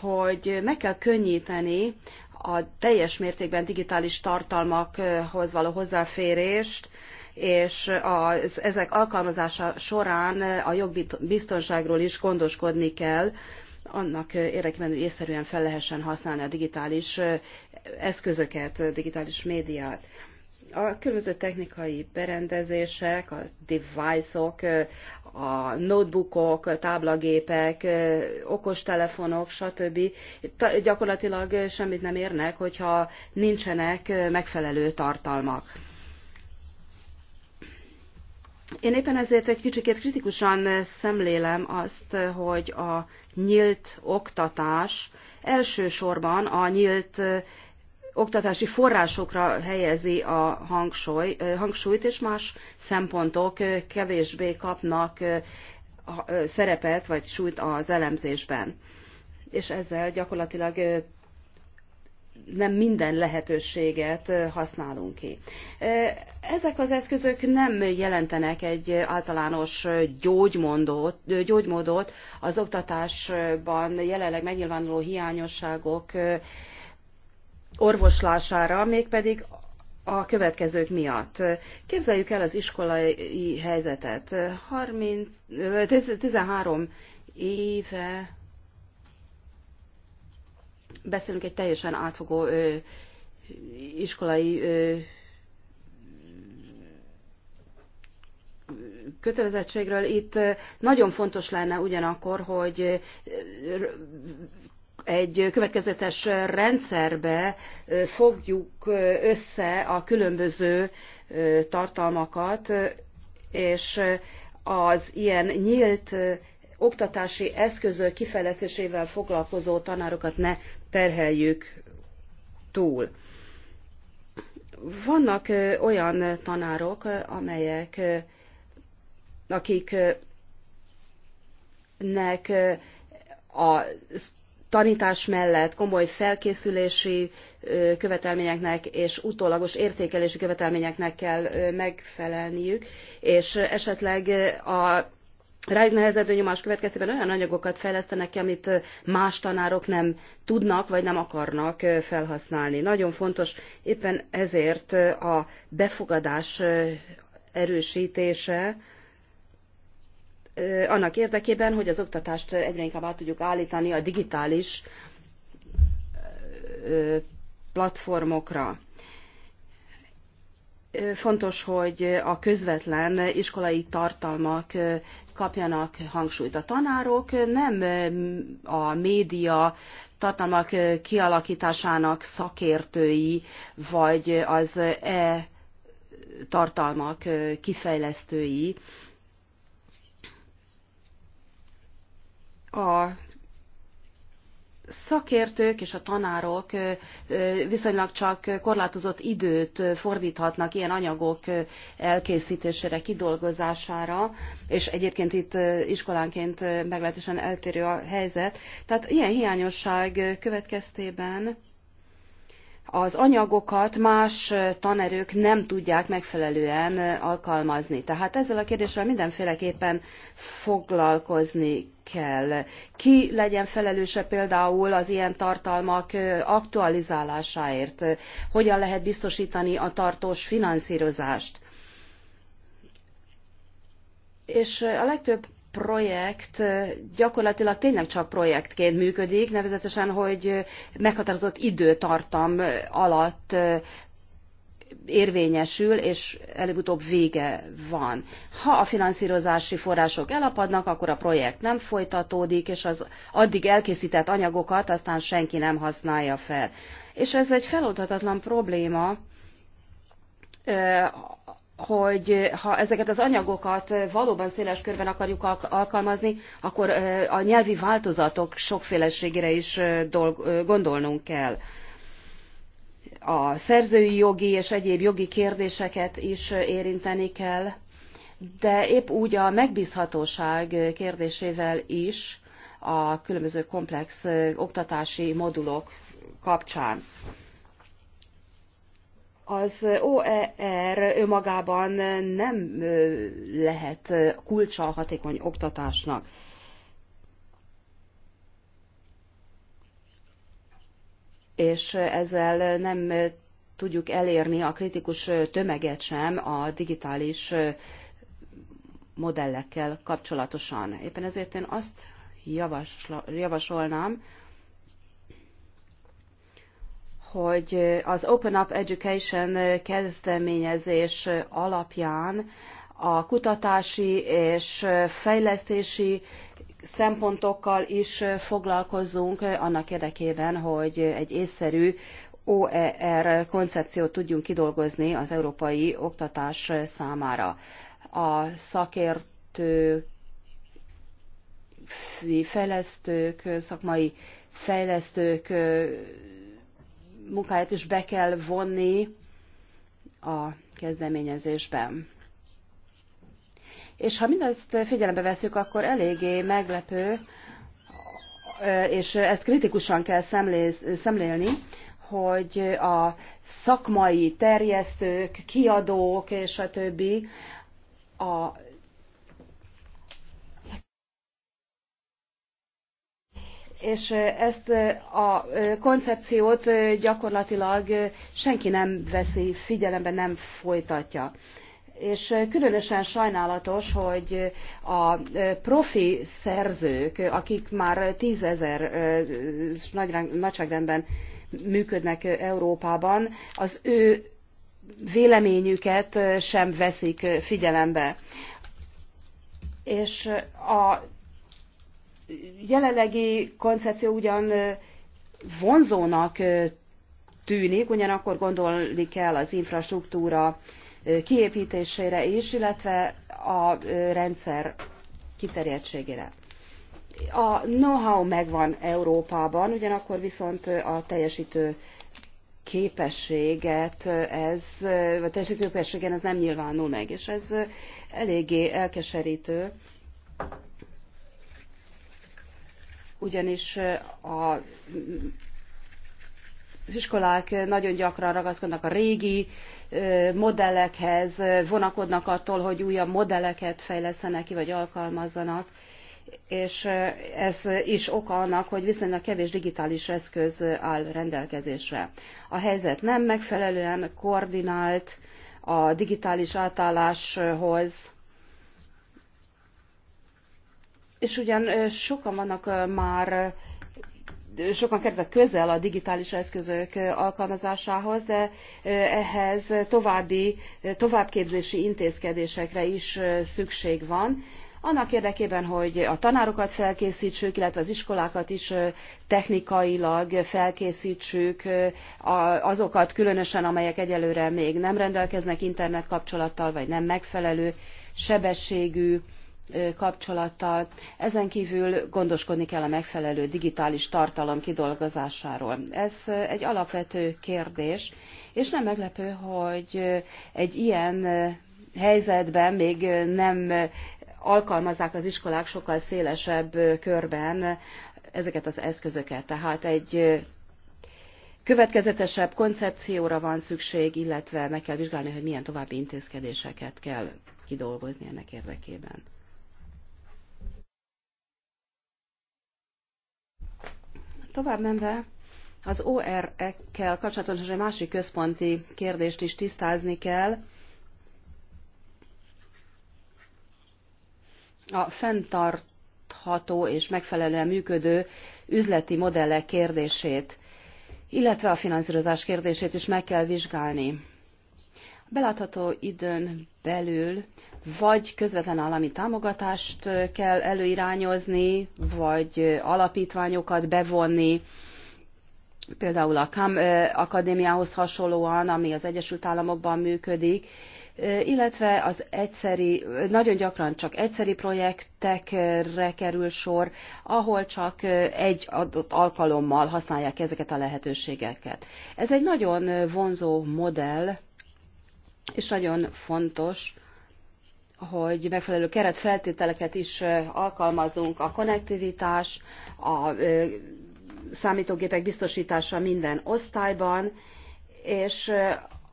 S1: hogy meg kell könnyíteni a teljes mértékben digitális tartalmakhoz való hozzáférést és az, ezek alkalmazása során a jogbiztonságról is gondoskodni kell, annak érdekében, hogy észszerűen fel lehessen használni a digitális eszközöket, digitális médiát. A különböző technikai berendezések, a device-ok, a notebookok, -ok, táblagépek, okostelefonok, stb. gyakorlatilag semmit nem érnek, hogyha nincsenek megfelelő tartalmak. Én éppen ezért egy kicsikét kritikusan szemlélem azt, hogy a nyílt oktatás elsősorban a nyílt oktatási forrásokra helyezi a hangsúly, hangsúlyt, és más szempontok kevésbé kapnak szerepet vagy súlyt az elemzésben. És ezzel gyakorlatilag nem minden lehetőséget használunk ki. Ezek az eszközök nem jelentenek egy általános gyógymódot, gyógymódot az oktatásban jelenleg megnyilvánuló hiányosságok orvoslására, mégpedig a következők miatt. Képzeljük el az iskolai helyzetet. 30, 13 éve beszélünk egy teljesen átfogó ö, iskolai ö, kötelezettségről. Itt nagyon fontos lenne ugyanakkor, hogy egy következetes rendszerbe fogjuk össze a különböző tartalmakat, és az ilyen nyílt oktatási eszközök kifejlesztésével foglalkozó tanárokat ne terheljük túl. Vannak olyan tanárok, amelyek, akiknek a tanítás mellett komoly felkészülési követelményeknek és utólagos értékelési követelményeknek kell megfelelniük, és esetleg a rájuk nehezedő nyomás következtében olyan anyagokat fejlesztenek ki, amit más tanárok nem tudnak vagy nem akarnak felhasználni. Nagyon fontos éppen ezért a befogadás erősítése, annak érdekében, hogy az oktatást egyre inkább át tudjuk állítani a digitális platformokra fontos, hogy a közvetlen iskolai tartalmak kapjanak hangsúlyt. A tanárok nem a média tartalmak kialakításának szakértői, vagy az e tartalmak kifejlesztői. A szakértők és a tanárok viszonylag csak korlátozott időt fordíthatnak ilyen anyagok elkészítésére, kidolgozására, és egyébként itt iskolánként meglehetősen eltérő a helyzet. Tehát ilyen hiányosság következtében az anyagokat más tanerők nem tudják megfelelően alkalmazni. Tehát ezzel a kérdéssel mindenféleképpen foglalkozni kell. Ki legyen felelőse például az ilyen tartalmak aktualizálásáért? Hogyan lehet biztosítani a tartós finanszírozást? És a legtöbb projekt gyakorlatilag tényleg csak projektként működik, nevezetesen, hogy meghatározott időtartam alatt érvényesül, és előbb-utóbb vége van. Ha a finanszírozási források elapadnak, akkor a projekt nem folytatódik, és az addig elkészített anyagokat aztán senki nem használja fel. És ez egy feloldhatatlan probléma, hogy eh, ha ezeket az anyagokat eh, valóban széles körben akarjuk alkalmazni, akkor eh, a nyelvi változatok sokféleségére is gondolnunk kell. A szerzői jogi és egyéb jogi kérdéseket is érinteni kell, de épp úgy a megbízhatóság kérdésével is a különböző komplex oktatási modulok kapcsán az OER önmagában nem lehet kulcsa a hatékony oktatásnak. És ezzel nem tudjuk elérni a kritikus tömeget sem a digitális modellekkel kapcsolatosan. Éppen ezért én azt javasla, javasolnám, hogy az Open Up Education kezdeményezés alapján a kutatási és fejlesztési szempontokkal is foglalkozzunk annak érdekében, hogy egy észszerű OER koncepciót tudjunk kidolgozni az európai oktatás számára. A szakértő fejlesztők, szakmai fejlesztők munkáját is be kell vonni a kezdeményezésben. És ha mindezt figyelembe veszük, akkor eléggé meglepő, és ezt kritikusan kell szemlélni, hogy a szakmai terjesztők, kiadók és a többi a és ezt a koncepciót gyakorlatilag senki nem veszi figyelembe, nem folytatja. És különösen sajnálatos, hogy a profi szerzők, akik már tízezer nagyságrendben működnek Európában, az ő véleményüket sem veszik figyelembe. És a jelenlegi koncepció ugyan vonzónak tűnik, ugyanakkor gondolni kell az infrastruktúra kiépítésére is, illetve a rendszer kiterjedtségére. A know-how megvan Európában, ugyanakkor viszont a teljesítő képességet ez, a teljesítő képességen ez nem nyilvánul meg, és ez eléggé elkeserítő ugyanis a az iskolák nagyon gyakran ragaszkodnak a régi modellekhez, vonakodnak attól, hogy újabb modelleket fejlesztenek ki, vagy alkalmazzanak, és ez is oka annak, hogy viszonylag kevés digitális eszköz áll rendelkezésre. A helyzet nem megfelelően koordinált a digitális átálláshoz, és ugyan sokan vannak már sokan kerültek közel a digitális eszközök alkalmazásához, de ehhez további, továbbképzési intézkedésekre is szükség van. Annak érdekében, hogy a tanárokat felkészítsük, illetve az iskolákat is technikailag felkészítsük, azokat különösen, amelyek egyelőre még nem rendelkeznek internet kapcsolattal, vagy nem megfelelő sebességű kapcsolattal. Ezen kívül gondoskodni kell a megfelelő digitális tartalom kidolgozásáról. Ez egy alapvető kérdés, és nem meglepő, hogy egy ilyen helyzetben még nem alkalmazzák az iskolák sokkal szélesebb körben ezeket az eszközöket. Tehát egy következetesebb koncepcióra van szükség, illetve meg kell vizsgálni, hogy milyen további intézkedéseket kell kidolgozni ennek érdekében. Tovább menve az OR-ekkel kapcsolatos egy másik központi kérdést is tisztázni kell. A fenntartható és megfelelően működő üzleti modellek kérdését, illetve a finanszírozás kérdését is meg kell vizsgálni belátható időn belül vagy közvetlen állami támogatást kell előirányozni, vagy alapítványokat bevonni, például a KAM akadémiához hasonlóan, ami az Egyesült Államokban működik, illetve az egyszeri, nagyon gyakran csak egyszeri projektekre kerül sor, ahol csak egy adott alkalommal használják ezeket a lehetőségeket. Ez egy nagyon vonzó modell, és nagyon fontos, hogy megfelelő keretfeltételeket is alkalmazunk, a konnektivitás, a számítógépek biztosítása minden osztályban, és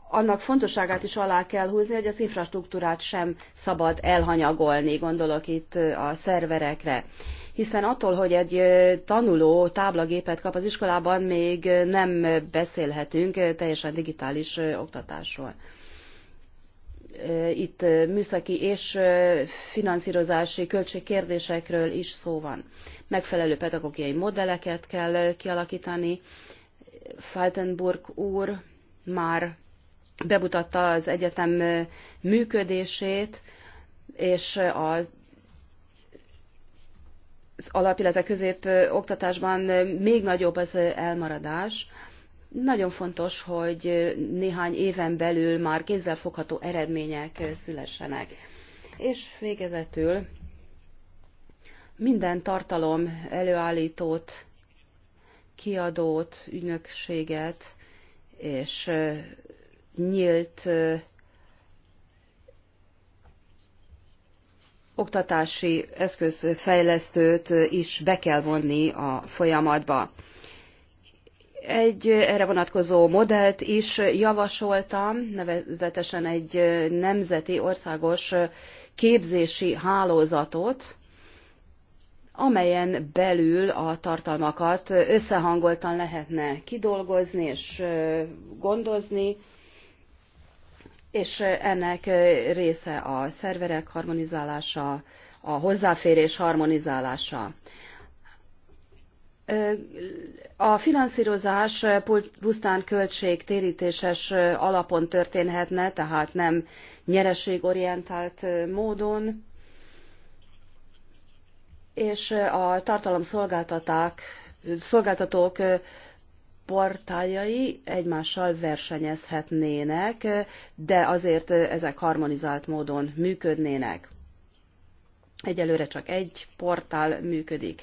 S1: annak fontosságát is alá kell húzni, hogy az infrastruktúrát sem szabad elhanyagolni, gondolok itt a szerverekre. Hiszen attól, hogy egy tanuló táblagépet kap az iskolában, még nem beszélhetünk teljesen digitális oktatásról itt műszaki és finanszírozási költségkérdésekről is szó van. Megfelelő pedagógiai modelleket kell kialakítani. Faltenburg úr már bemutatta az egyetem működését, és az az alap, illetve oktatásban még nagyobb az elmaradás. Nagyon fontos, hogy néhány éven belül már kézzelfogható eredmények szülessenek. És végezetül minden tartalom előállítót, kiadót, ügynökséget és nyílt oktatási eszközfejlesztőt is be kell vonni a folyamatba. Egy erre vonatkozó modellt is javasoltam, nevezetesen egy nemzeti országos képzési hálózatot, amelyen belül a tartalmakat összehangoltan lehetne kidolgozni és gondozni, és ennek része a szerverek harmonizálása, a hozzáférés harmonizálása. A finanszírozás pusztán költségtérítéses alapon történhetne, tehát nem nyereségorientált módon, és a tartalomszolgáltatók szolgáltatók portáljai egymással versenyezhetnének, de azért ezek harmonizált módon működnének. Egyelőre csak egy portál működik.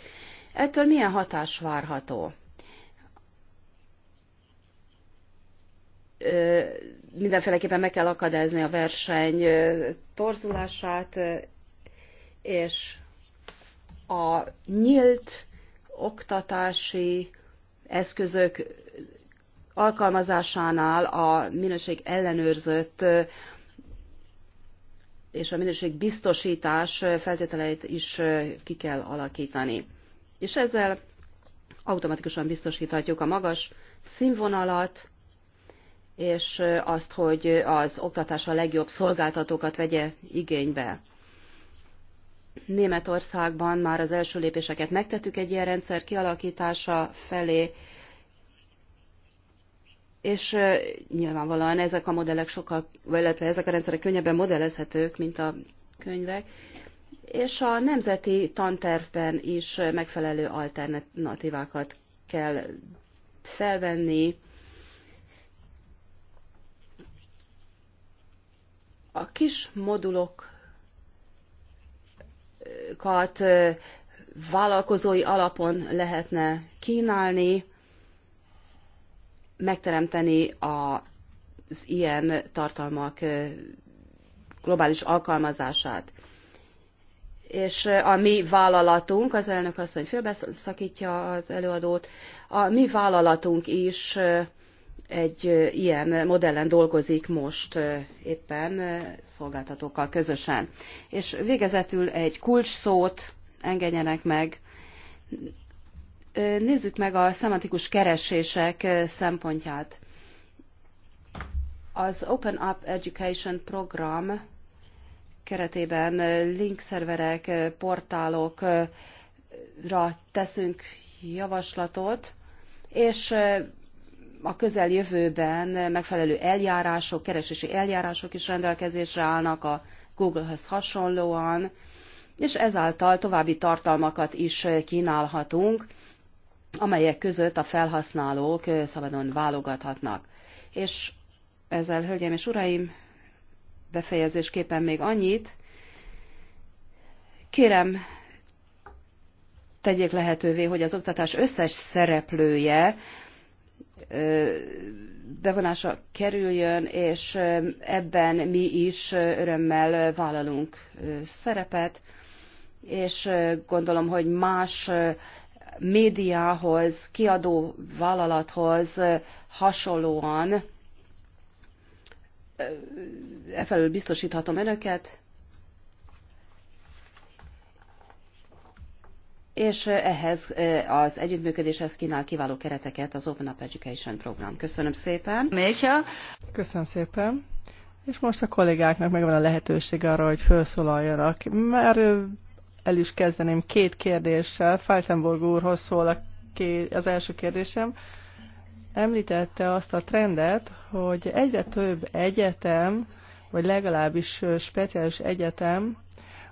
S1: Ettől milyen hatás várható? Mindenféleképpen meg kell akadályozni a verseny torzulását, és a nyílt oktatási eszközök alkalmazásánál a minőség ellenőrzött és a minőség biztosítás feltételeit is ki kell alakítani és ezzel automatikusan biztosíthatjuk a magas színvonalat, és azt, hogy az oktatás a legjobb szolgáltatókat vegye igénybe. Németországban már az első lépéseket megtettük egy ilyen rendszer kialakítása felé, és nyilvánvalóan ezek a modellek sokkal, illetve ezek a rendszerek könnyebben modellezhetők, mint a könyvek, és a nemzeti tantervben is megfelelő alternatívákat kell felvenni. A kis modulokat vállalkozói alapon lehetne kínálni, megteremteni az ilyen tartalmak globális alkalmazását és a mi vállalatunk, az elnök asszony félbeszakítja az előadót, a mi vállalatunk is egy ilyen modellen dolgozik most éppen szolgáltatókkal közösen. És végezetül egy szót engedjenek meg. Nézzük meg a szemantikus keresések szempontját. Az Open Up Education program keretében linkszerverek, portálokra teszünk javaslatot, és a közeljövőben megfelelő eljárások, keresési eljárások is rendelkezésre állnak a Google-höz hasonlóan, és ezáltal további tartalmakat is kínálhatunk, amelyek között a felhasználók szabadon válogathatnak. És ezzel, hölgyeim és uraim, befejezésképpen még annyit. Kérem, tegyék lehetővé, hogy az oktatás összes szereplője bevonása kerüljön, és ebben mi is örömmel vállalunk szerepet, és gondolom, hogy más médiához, kiadó vállalathoz hasonlóan efelől biztosíthatom önöket, és ehhez e, az együttműködéshez kínál kiváló kereteket az Open Up Education program. Köszönöm szépen. Mécsa. Köszönöm szépen.
S2: És most a kollégáknak megvan a lehetőség arra, hogy felszólaljanak. Már el is kezdeném két kérdéssel. Feltenborg úrhoz szól a ké- az első kérdésem említette azt a trendet, hogy egyre több egyetem, vagy legalábbis speciális egyetem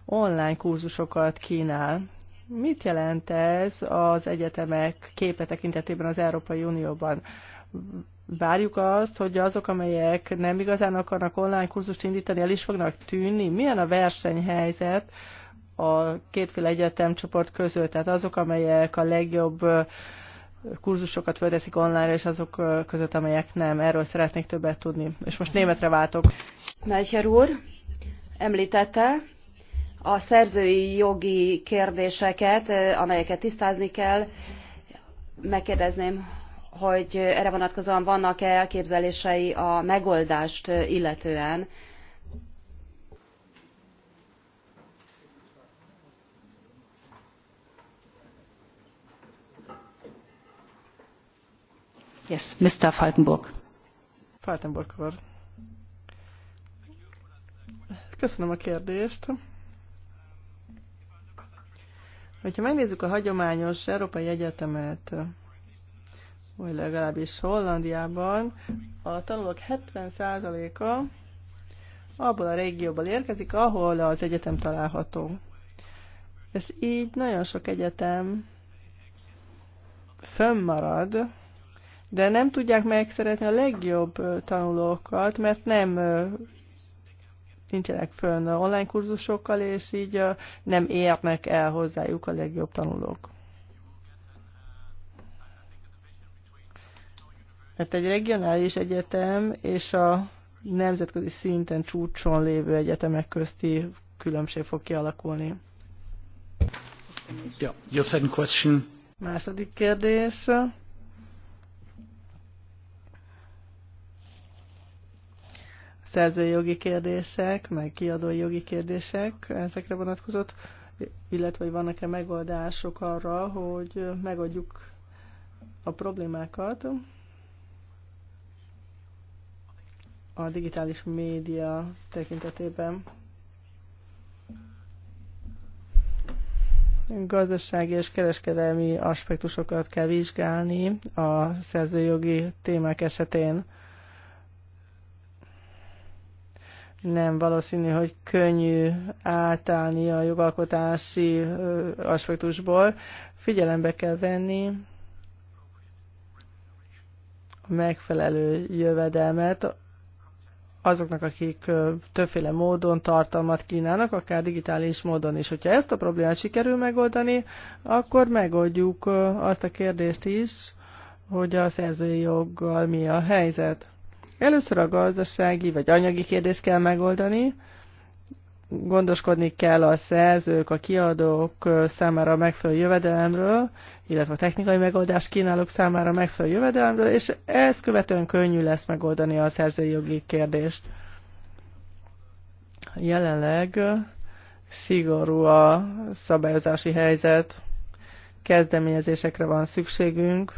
S2: online kurzusokat kínál. Mit jelent ez az egyetemek képe tekintetében az Európai Unióban? Várjuk azt, hogy azok, amelyek nem igazán akarnak online kurzust indítani, el is fognak tűnni. Milyen a versenyhelyzet a kétféle egyetemcsoport között? Tehát azok, amelyek a legjobb kurzusokat fölteszik online és azok között, amelyek nem. Erről szeretnék többet tudni. És most németre váltok.
S1: Melcher úr említette a szerzői jogi kérdéseket, amelyeket tisztázni kell. Megkérdezném, hogy erre vonatkozóan vannak-e elképzelései a megoldást illetően,
S3: Yes, Mr. Falkenburg.
S2: Falkenburg úr. Köszönöm a kérdést. Hogyha megnézzük a hagyományos európai egyetemet, vagy legalábbis Hollandiában, a tanulók 70%-a abból a régióból érkezik, ahol az egyetem található. Ez így nagyon sok egyetem fönnmarad, de nem tudják megszeretni a legjobb tanulókat, mert nem nincsenek fönn online kurzusokkal, és így nem érnek el hozzájuk a legjobb tanulók. Tehát egy regionális egyetem és a nemzetközi szinten csúcson lévő egyetemek közti különbség fog kialakulni.
S1: Yeah, your second question.
S2: Második kérdés. szerzőjogi kérdések, meg kiadói jogi kérdések ezekre vonatkozott, illetve hogy vannak-e megoldások arra, hogy megadjuk a problémákat a digitális média tekintetében. gazdasági és kereskedelmi aspektusokat kell vizsgálni a szerzőjogi témák esetén. nem valószínű, hogy könnyű átállni a jogalkotási aspektusból. Figyelembe kell venni a megfelelő jövedelmet azoknak, akik többféle módon tartalmat kínálnak, akár digitális módon is. Hogyha ezt a problémát sikerül megoldani, akkor megoldjuk azt a kérdést is, hogy a szerzői joggal mi a helyzet. Először a gazdasági vagy anyagi kérdést kell megoldani, gondoskodni kell a szerzők, a kiadók számára megfelelő jövedelemről, illetve a technikai megoldást kínálók számára megfelelő jövedelemről, és ezt követően könnyű lesz megoldani a szerzői jogi kérdést. Jelenleg szigorú a szabályozási helyzet, kezdeményezésekre van szükségünk,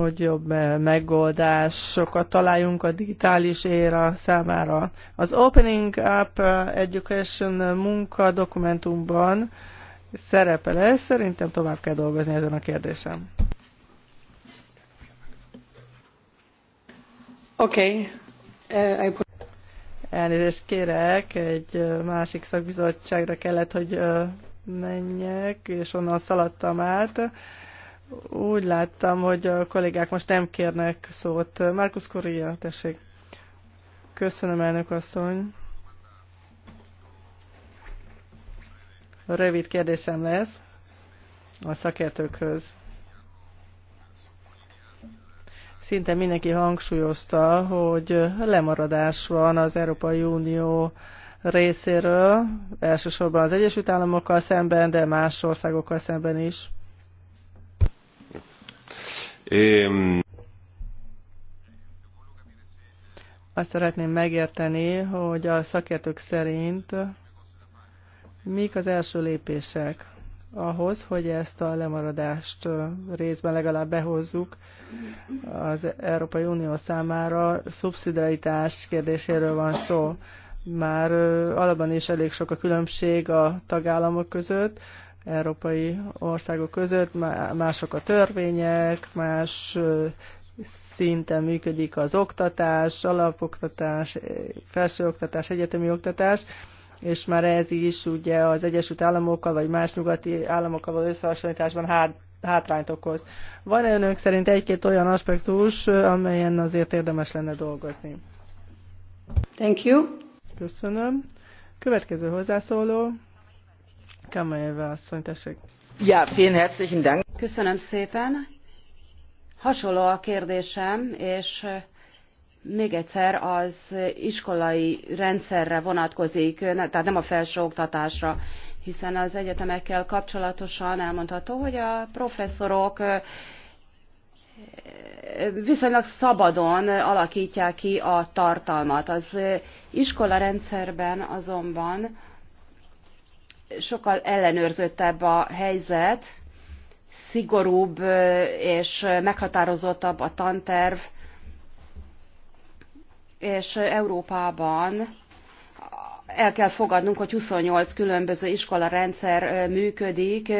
S2: hogy jobb eh, megoldásokat találjunk a digitális éra számára. Az Opening Up eh, Education munka dokumentumban szerepel ez, szerintem tovább kell dolgozni ezen a kérdésen. Oké. Okay. Uh, Elnézést kérek, egy másik szakbizottságra kellett, hogy menjek, és onnan szaladtam át. Úgy láttam, hogy a kollégák most nem kérnek szót. Markus Korea, tessék. Köszönöm, elnök asszony. Rövid kérdésem lesz a szakértőkhöz. Szinte mindenki hangsúlyozta, hogy lemaradás van az Európai Unió részéről, elsősorban az Egyesült Államokkal szemben, de más országokkal szemben is azt szeretném megérteni, hogy a szakértők szerint mik az első lépések ahhoz, hogy ezt a lemaradást részben legalább behozzuk az Európai Unió számára. Szubszidiaritás kérdéséről van szó. Már alapban is elég sok a különbség a tagállamok között, európai országok között, mások a törvények, más szinten működik az oktatás, alapoktatás, felsőoktatás, egyetemi oktatás, és már ez is ugye az Egyesült Államokkal vagy más nyugati államokkal való összehasonlításban hát, hátrányt okoz. Van-e önök szerint egy-két olyan aspektus, amelyen azért érdemes lenne dolgozni? Thank you. Köszönöm. Következő hozzászóló, asszony, tessék. Ja, vielen herzlichen Dank.
S1: Köszönöm szépen. Hasonló a kérdésem, és még egyszer az iskolai rendszerre vonatkozik, tehát nem a felsőoktatásra, hiszen az egyetemekkel kapcsolatosan elmondható, hogy a professzorok viszonylag szabadon alakítják ki a tartalmat. Az iskola rendszerben azonban sokkal ellenőrzöttebb a helyzet, szigorúbb és meghatározottabb a tanterv, és Európában el kell fogadnunk, hogy 28 különböző iskola rendszer működik,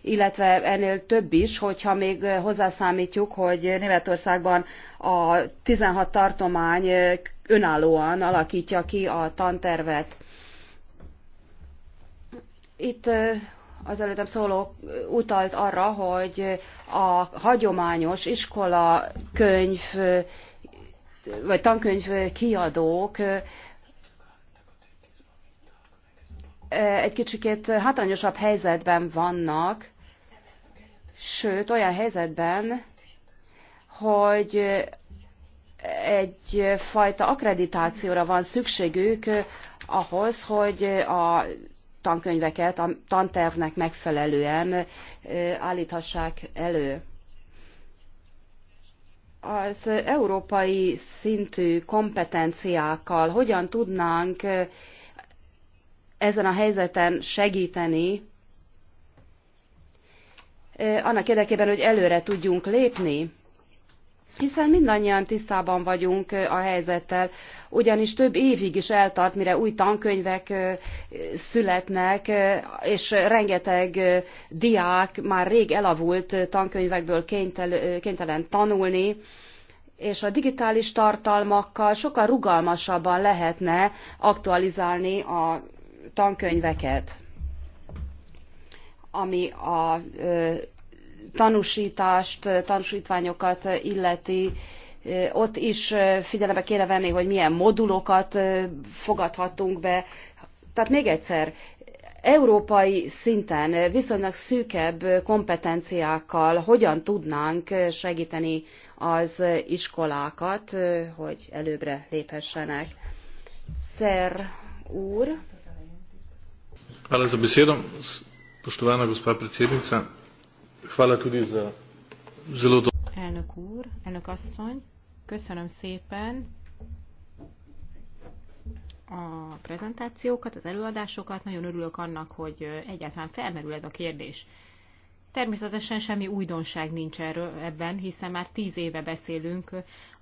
S1: illetve ennél több is, hogyha még hozzászámítjuk, hogy Németországban a 16 tartomány önállóan alakítja ki a tantervet. Itt az előttem szóló utalt arra, hogy a hagyományos iskola, könyv, vagy tankönyv kiadók egy kicsikét hátrányosabb helyzetben vannak, sőt olyan helyzetben, hogy egyfajta akkreditációra van szükségük ahhoz, hogy a tankönyveket a tantervnek megfelelően állíthassák elő. Az európai szintű kompetenciákkal hogyan tudnánk ezen a helyzeten segíteni, annak érdekében, hogy előre tudjunk lépni? Hiszen mindannyian tisztában vagyunk a helyzettel, ugyanis több évig is eltart, mire új tankönyvek születnek, és rengeteg diák már rég elavult tankönyvekből kénytelen tanulni, és a digitális tartalmakkal sokkal rugalmasabban lehetne aktualizálni a tankönyveket ami a tanúsítást, tanúsítványokat illeti, ott is figyelembe kéne venni, hogy milyen modulokat fogadhatunk be. Tehát még egyszer, európai szinten viszonylag szűkebb kompetenciákkal hogyan tudnánk segíteni az iskolákat, hogy előbbre léphessenek. Szer úr.
S2: Hvala za besedo, spoštovana gospa Hvala tudi za zelo
S3: Elnök úr, elnök asszony, köszönöm szépen a prezentációkat, az előadásokat. Nagyon örülök annak, hogy egyáltalán felmerül ez a kérdés. Természetesen semmi újdonság nincs erről ebben, hiszen már tíz éve beszélünk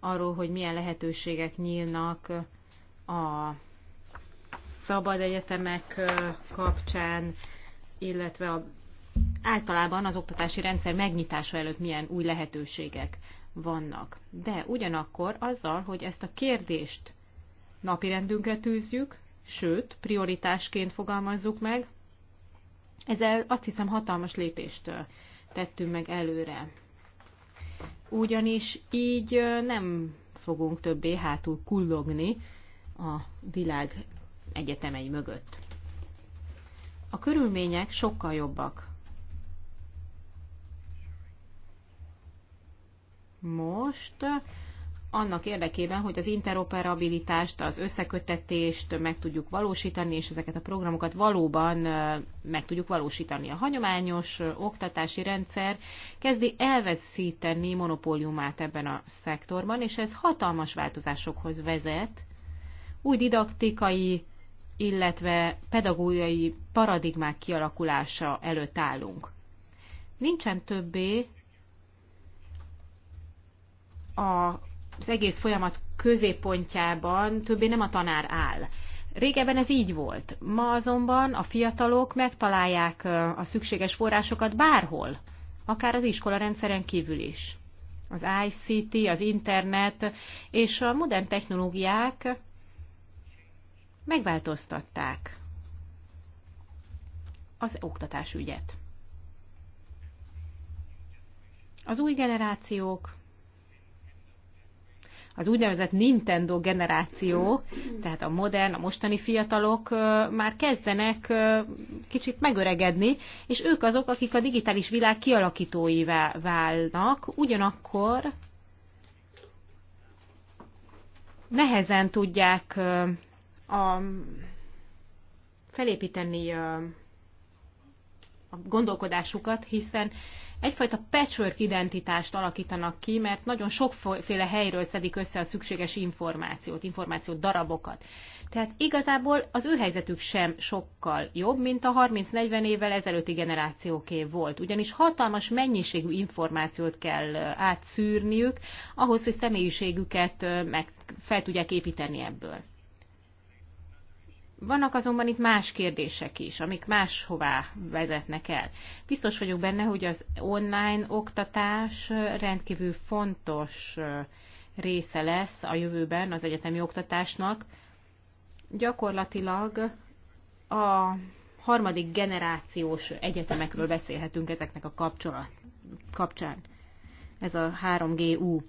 S3: arról, hogy milyen lehetőségek nyílnak a szabad egyetemek kapcsán, illetve a általában az oktatási rendszer megnyitása előtt milyen új lehetőségek vannak. De ugyanakkor azzal, hogy ezt a kérdést napirendünkre tűzjük, sőt, prioritásként fogalmazzuk meg, ezzel azt hiszem hatalmas lépést tettünk meg előre. Ugyanis így nem fogunk többé hátul kullogni a világ egyetemei mögött. A körülmények sokkal jobbak most, annak érdekében, hogy az interoperabilitást, az összekötetést meg tudjuk valósítani, és ezeket a programokat valóban meg tudjuk valósítani. A hagyományos oktatási rendszer kezdi elveszíteni monopóliumát ebben a szektorban, és ez hatalmas változásokhoz vezet. Új didaktikai, illetve pedagógiai paradigmák kialakulása előtt állunk. Nincsen többé az egész folyamat középpontjában többé nem a tanár áll. Régebben ez így volt. Ma azonban a fiatalok megtalálják a szükséges forrásokat bárhol, akár az iskola rendszeren kívül is. Az ICT, az internet és a modern technológiák megváltoztatták az oktatás ügyet. Az új generációk az úgynevezett Nintendo generáció, tehát a modern, a mostani fiatalok már kezdenek kicsit megöregedni, és ők azok, akik a digitális világ kialakítóivá válnak, ugyanakkor nehezen tudják a, felépíteni a gondolkodásukat, hiszen egyfajta patchwork identitást alakítanak ki, mert nagyon sokféle helyről szedik össze a szükséges információt, információt darabokat. Tehát igazából az ő helyzetük sem sokkal jobb, mint a 30-40 évvel ezelőtti generációké volt. Ugyanis hatalmas mennyiségű információt kell átszűrniük, ahhoz, hogy személyiségüket meg fel tudják építeni ebből. Vannak azonban itt más kérdések is, amik máshová vezetnek el. Biztos vagyok benne, hogy az online oktatás rendkívül fontos része lesz a jövőben az egyetemi oktatásnak. Gyakorlatilag a harmadik generációs egyetemekről beszélhetünk ezeknek a kapcsolat, kapcsán. Ez a 3GU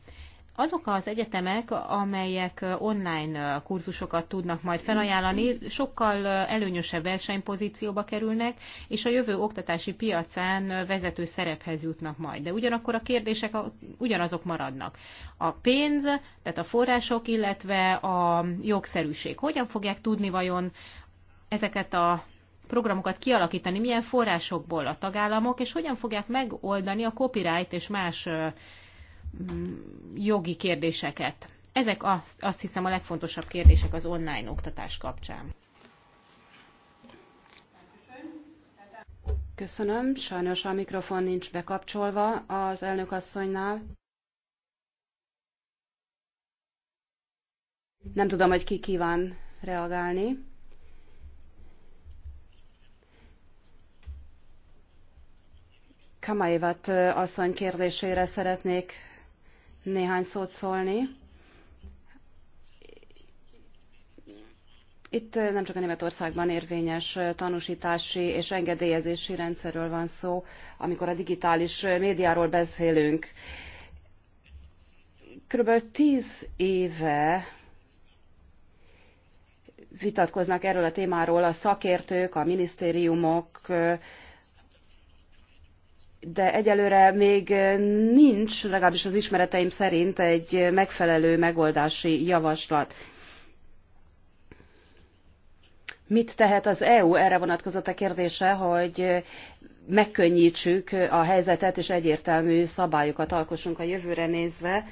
S3: azok az egyetemek, amelyek online kurzusokat tudnak majd felajánlani, sokkal előnyösebb versenypozícióba kerülnek, és a jövő oktatási piacán vezető szerephez jutnak majd. De ugyanakkor a kérdések ugyanazok maradnak. A pénz, tehát a források, illetve a jogszerűség. Hogyan fogják tudni vajon ezeket a programokat kialakítani, milyen forrásokból a tagállamok, és hogyan fogják megoldani a copyright és más jogi kérdéseket. Ezek azt, azt hiszem a legfontosabb kérdések az online oktatás kapcsán. Köszönöm. Sajnos a mikrofon nincs
S1: bekapcsolva az elnök asszonynál. Nem tudom, hogy ki kíván reagálni. Kamaivat asszony kérdésére szeretnék néhány szót szólni. Itt eh, nem csak a Németországban érvényes eh, tanúsítási és engedélyezési rendszerről van szó, amikor a digitális eh, médiáról beszélünk. Körülbelül tíz éve vitatkoznak erről a témáról a szakértők, a minisztériumok, de egyelőre még nincs, legalábbis az ismereteim szerint egy megfelelő megoldási javaslat. Mit tehet az EU? Erre vonatkozott a kérdése, hogy megkönnyítsük a helyzetet, és egyértelmű szabályokat alkossunk a jövőre nézve.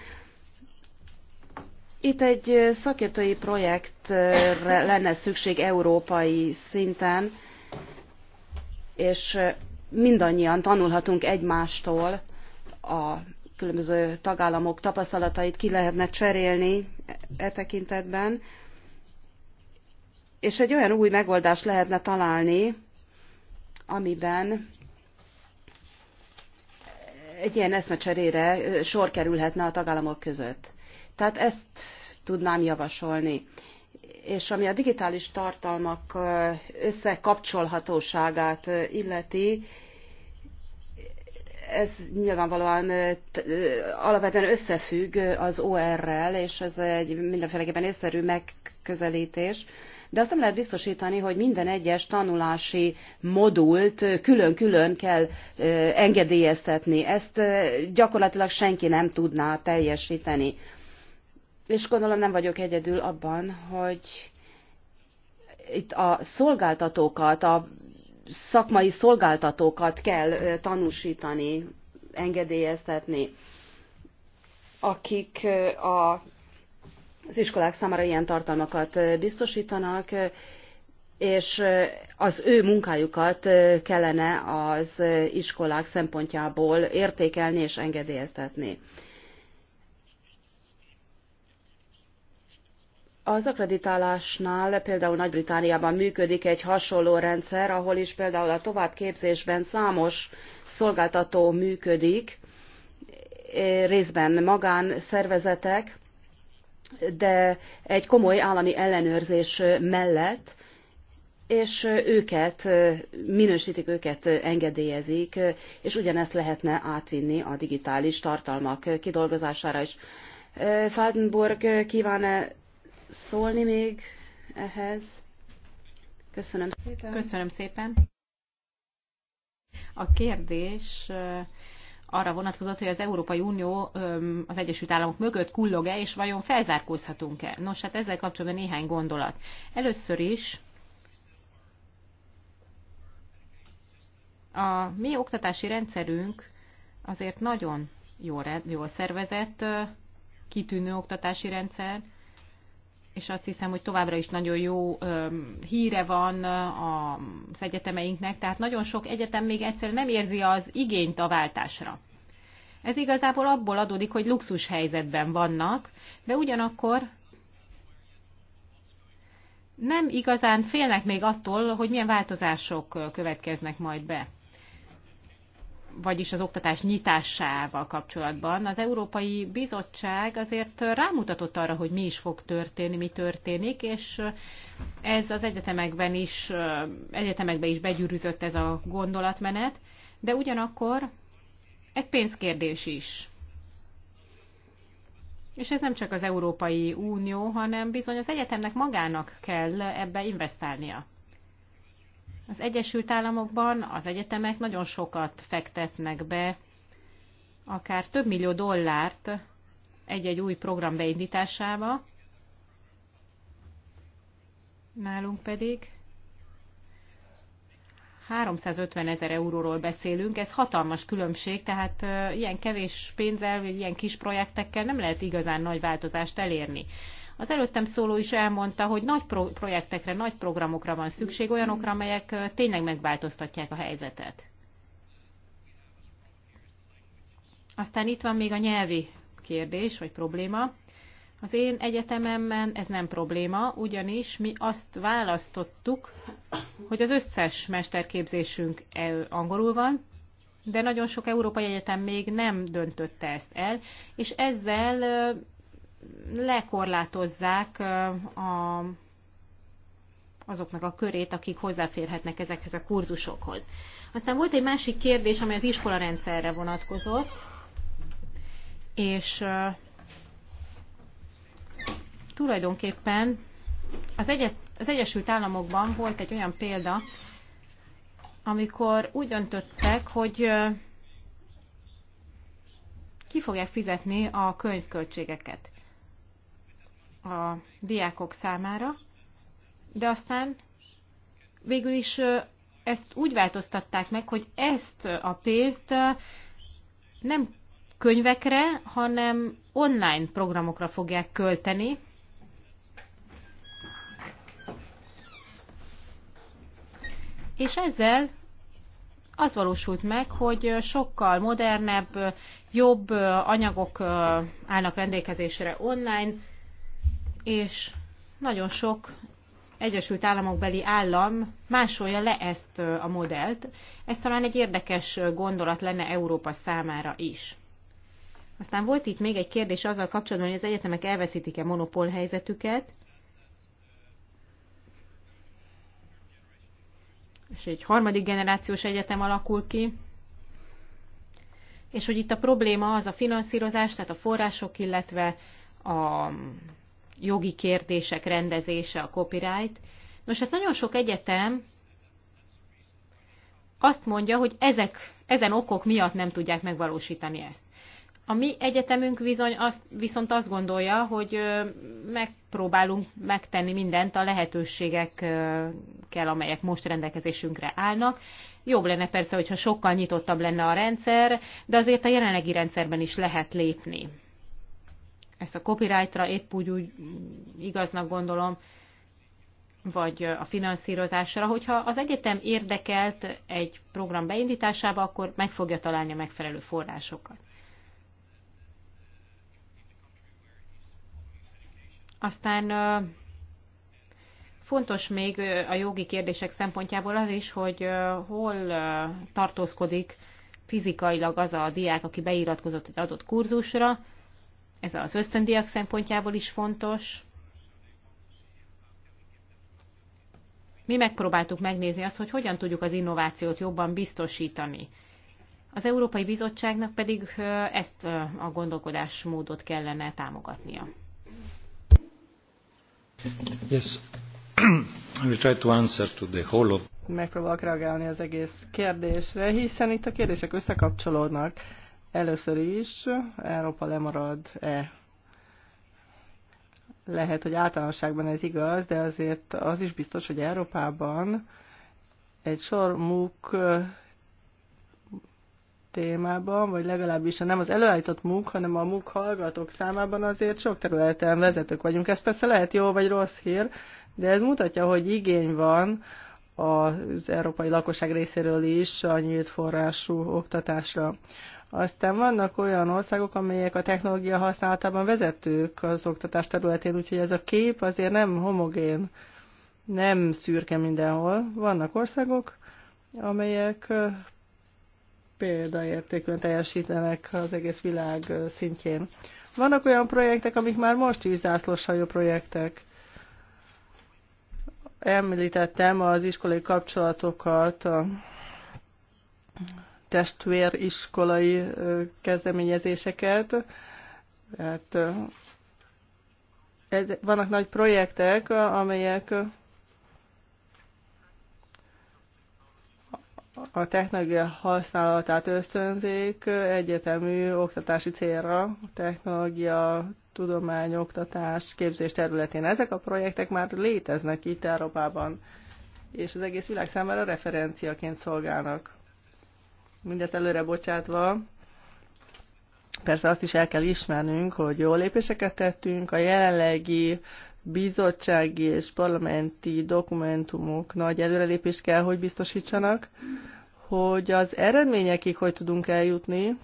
S1: Itt egy szakértői projektre lenne szükség európai szinten, és mindannyian tanulhatunk egymástól a különböző tagállamok tapasztalatait ki lehetne cserélni e tekintetben, és egy olyan új megoldást lehetne találni, amiben egy ilyen eszmecserére sor kerülhetne a tagállamok között. Tehát ezt tudnám javasolni. És ami a digitális tartalmak összekapcsolhatóságát illeti, ez nyilvánvalóan alapvetően összefügg az OR-rel, és ez egy mindenféleképpen észszerű megközelítés. De azt nem lehet biztosítani, hogy minden egyes tanulási modult külön-külön kell engedélyeztetni. Ezt gyakorlatilag senki nem tudná teljesíteni. És gondolom nem vagyok egyedül abban, hogy itt a szolgáltatókat, a szakmai szolgáltatókat kell tanúsítani, engedélyeztetni, akik a, az iskolák számára ilyen tartalmakat biztosítanak, és az ő munkájukat kellene az iskolák szempontjából értékelni és engedélyeztetni. Az akreditálásnál például Nagy-Britániában működik egy hasonló rendszer, ahol is például a továbbképzésben számos szolgáltató működik, eh, részben magánszervezetek, de egy komoly állami ellenőrzés mellett, és őket, eh, minősítik őket, engedélyezik, eh, és ugyanezt lehetne átvinni a digitális tartalmak kidolgozására is. Faltenburg kíván -e szólni még ehhez? Köszönöm szépen.
S3: Köszönöm szépen. A kérdés arra vonatkozott, hogy az Európai Unió az Egyesült Államok mögött kullog-e, és vajon felzárkózhatunk-e. Nos, hát ezzel kapcsolatban néhány gondolat. Először is a mi oktatási rendszerünk azért nagyon jól, jól szervezett, kitűnő oktatási rendszer, és azt hiszem, hogy továbbra is nagyon jó híre van az egyetemeinknek, tehát nagyon sok egyetem még egyszerűen nem érzi az igényt a váltásra. Ez igazából abból adódik, hogy luxus helyzetben vannak, de ugyanakkor nem igazán félnek még attól, hogy milyen változások következnek majd be vagyis az oktatás nyitásával kapcsolatban. Az Európai Bizottság azért rámutatott arra, hogy mi is fog történni, mi történik, és ez az egyetemekben is, egyetemekben is begyűrűzött ez a gondolatmenet, de ugyanakkor ez pénzkérdés is. És ez nem csak az Európai Unió, hanem bizony az egyetemnek magának kell ebbe investálnia. Az Egyesült Államokban az egyetemek nagyon sokat fektetnek be, akár több millió dollárt egy-egy új program beindításába, nálunk pedig 350 ezer euróról beszélünk, ez hatalmas különbség, tehát ilyen kevés pénzzel, vagy ilyen kis projektekkel nem lehet igazán nagy változást elérni. Az előttem szóló is elmondta, hogy nagy pro- projektekre, nagy programokra van szükség, olyanokra, amelyek tényleg megváltoztatják a helyzetet. Aztán itt van még a nyelvi kérdés, vagy probléma. Az én egyetememben ez nem probléma, ugyanis mi azt választottuk, hogy az összes mesterképzésünk e- angolul van, de nagyon sok európai egyetem még nem döntötte ezt el, és ezzel lekorlátozzák a, azoknak a körét, akik hozzáférhetnek ezekhez a kurzusokhoz. Aztán volt egy másik kérdés, amely az iskola rendszerre vonatkozott, és tulajdonképpen az, egyet, az Egyesült Államokban volt egy olyan példa, amikor úgy döntöttek, hogy ki fogják fizetni a könyvköltségeket a diákok számára, de aztán végül is ezt úgy változtatták meg, hogy ezt a pénzt nem könyvekre, hanem online programokra fogják költeni. És ezzel az valósult meg, hogy sokkal modernebb, jobb anyagok állnak rendelkezésre online, és nagyon sok Egyesült Államokbeli állam másolja le ezt a modellt. Ez talán egy érdekes gondolat lenne Európa számára is. Aztán volt itt még egy kérdés azzal kapcsolatban, hogy az egyetemek elveszítik-e monopól helyzetüket. És egy harmadik generációs egyetem alakul ki. És hogy itt a probléma az a finanszírozás, tehát a források, illetve a jogi kérdések rendezése, a copyright. Nos, hát nagyon sok egyetem azt mondja, hogy ezek, ezen okok miatt nem tudják megvalósítani ezt. A mi egyetemünk bizony azt, viszont azt gondolja, hogy megpróbálunk megtenni mindent a lehetőségekkel, amelyek most rendelkezésünkre állnak. Jobb lenne persze, hogyha sokkal nyitottabb lenne a rendszer, de azért a jelenlegi rendszerben is lehet lépni ezt a copyrightra épp úgy, úgy igaznak gondolom, vagy a finanszírozásra, hogyha az egyetem érdekelt egy program beindításába, akkor meg fogja találni a megfelelő forrásokat. Aztán fontos még a jogi kérdések szempontjából az is, hogy hol tartózkodik fizikailag az a diák, aki beiratkozott egy adott kurzusra, ez az ösztöndiak szempontjából is fontos. Mi megpróbáltuk megnézni azt, hogy hogyan tudjuk az innovációt jobban biztosítani. Az Európai Bizottságnak pedig ezt a gondolkodásmódot kellene támogatnia. Yes. try to answer to the whole of...
S2: Megpróbálok reagálni az egész kérdésre, hiszen itt a kérdések összekapcsolódnak. Először is Európa lemarad-e? Lehet, hogy általánosságban ez igaz, de azért az is biztos, hogy Európában egy sor MOOC témában, vagy legalábbis nem az előállított MOOC, hanem a MOOC hallgatók számában azért sok területen vezetők vagyunk. Ez persze lehet jó vagy rossz hír, de ez mutatja, hogy igény van az európai lakosság részéről is a nyílt forrású oktatásra. Aztán vannak olyan országok, amelyek a technológia használatában vezetők az oktatás területén, úgyhogy ez a kép azért nem homogén, nem szürke mindenhol. Vannak országok, amelyek példaértékűen teljesítenek az egész világ szintjén. Vannak olyan projektek, amik már most tűzzászlósajó projektek. Említettem az iskolai kapcsolatokat, a testvériskolai kezdeményezéseket. Hát, ez, vannak nagy projektek, amelyek a technológia használatát ösztönzik egyetemű oktatási célra, technológia, tudomány, oktatás, képzés területén. Ezek a projektek már léteznek itt Európában, és az egész világ számára referenciaként szolgálnak mindet előre bocsátva, persze azt is el kell ismernünk, hogy jó lépéseket tettünk, a jelenlegi bizottsági és parlamenti dokumentumok nagy előrelépést kell, hogy biztosítsanak, hogy az eredményekig hogy tudunk eljutni.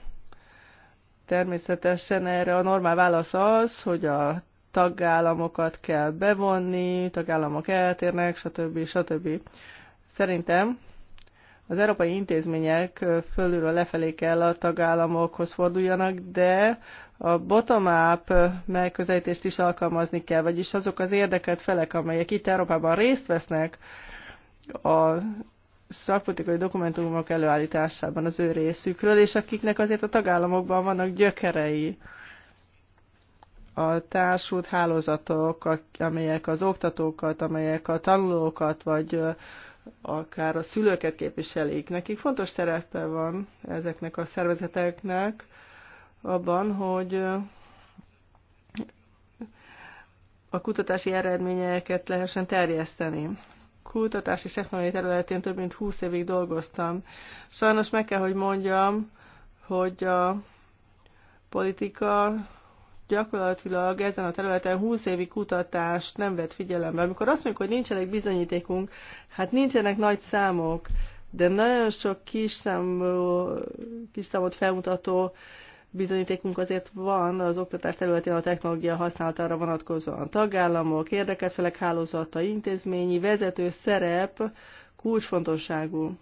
S2: Természetesen erre a normál válasz az, hogy a tagállamokat kell bevonni, tagállamok eltérnek, stb. stb. Szerintem az európai intézmények fölülről lefelé kell a tagállamokhoz forduljanak, de a bottom-up megközelítést is alkalmazni kell, vagyis azok az érdekelt felek, amelyek itt Európában részt vesznek a szakpolitikai dokumentumok előállításában az ő részükről, és akiknek azért a tagállamokban vannak gyökerei a társult hálózatok, amelyek az oktatókat, amelyek a tanulókat, vagy akár a szülőket képviselik. Nekik fontos szerepe van ezeknek a szervezeteknek abban, hogy a kutatási eredményeket lehessen terjeszteni. Kutatási technológiai területén több mint 20 évig dolgoztam. Sajnos meg kell, hogy mondjam, hogy a politika gyakorlatilag ezen a területen 20 évi kutatást nem vett figyelembe. Amikor azt mondjuk, hogy nincsenek bizonyítékunk, hát nincsenek nagy számok, de nagyon sok kis, számú, kis számot felmutató bizonyítékunk azért van az oktatás területén a technológia használatára vonatkozóan. Tagállamok, érdekelt felek hálózata, intézményi, vezető szerep kulcsfontosságú.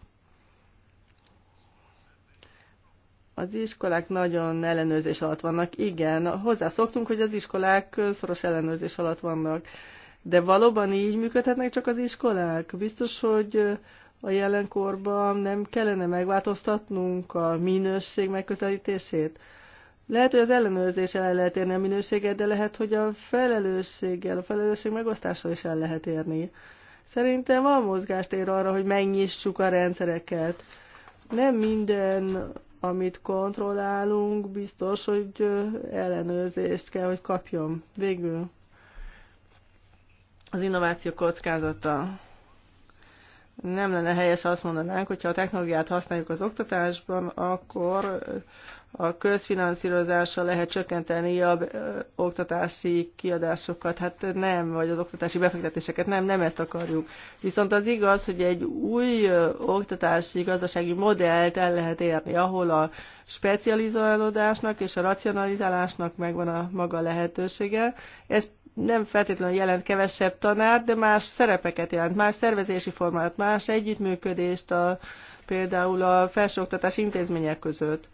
S2: Az iskolák nagyon ellenőrzés alatt vannak. Igen, hozzászoktunk, hogy az iskolák szoros ellenőrzés alatt vannak. De valóban így működhetnek csak az iskolák? Biztos, hogy a jelenkorban nem kellene megváltoztatnunk a minőség megközelítését? Lehet, hogy az ellenőrzés el lehet érni a minőséget, de lehet, hogy a felelősséggel, a felelősség megosztással is el lehet érni. Szerintem van ér arra, hogy megnyissuk a rendszereket. Nem minden amit kontrollálunk, biztos, hogy ellenőrzést kell, hogy kapjon. Végül az innováció kockázata. Nem lenne helyes, ha azt mondanánk, hogyha a technológiát használjuk az oktatásban, akkor a közfinanszírozása lehet csökkenteni a oktatási kiadásokat, hát nem, vagy az oktatási befektetéseket, nem, nem ezt akarjuk. Viszont az igaz, hogy egy új oktatási gazdasági modellt el lehet érni, ahol a specializálódásnak és a racionalizálásnak megvan a maga lehetősége. Ez nem feltétlenül jelent kevesebb tanár, de más szerepeket jelent, más szervezési formát, más együttműködést a, például a felsőoktatási intézmények között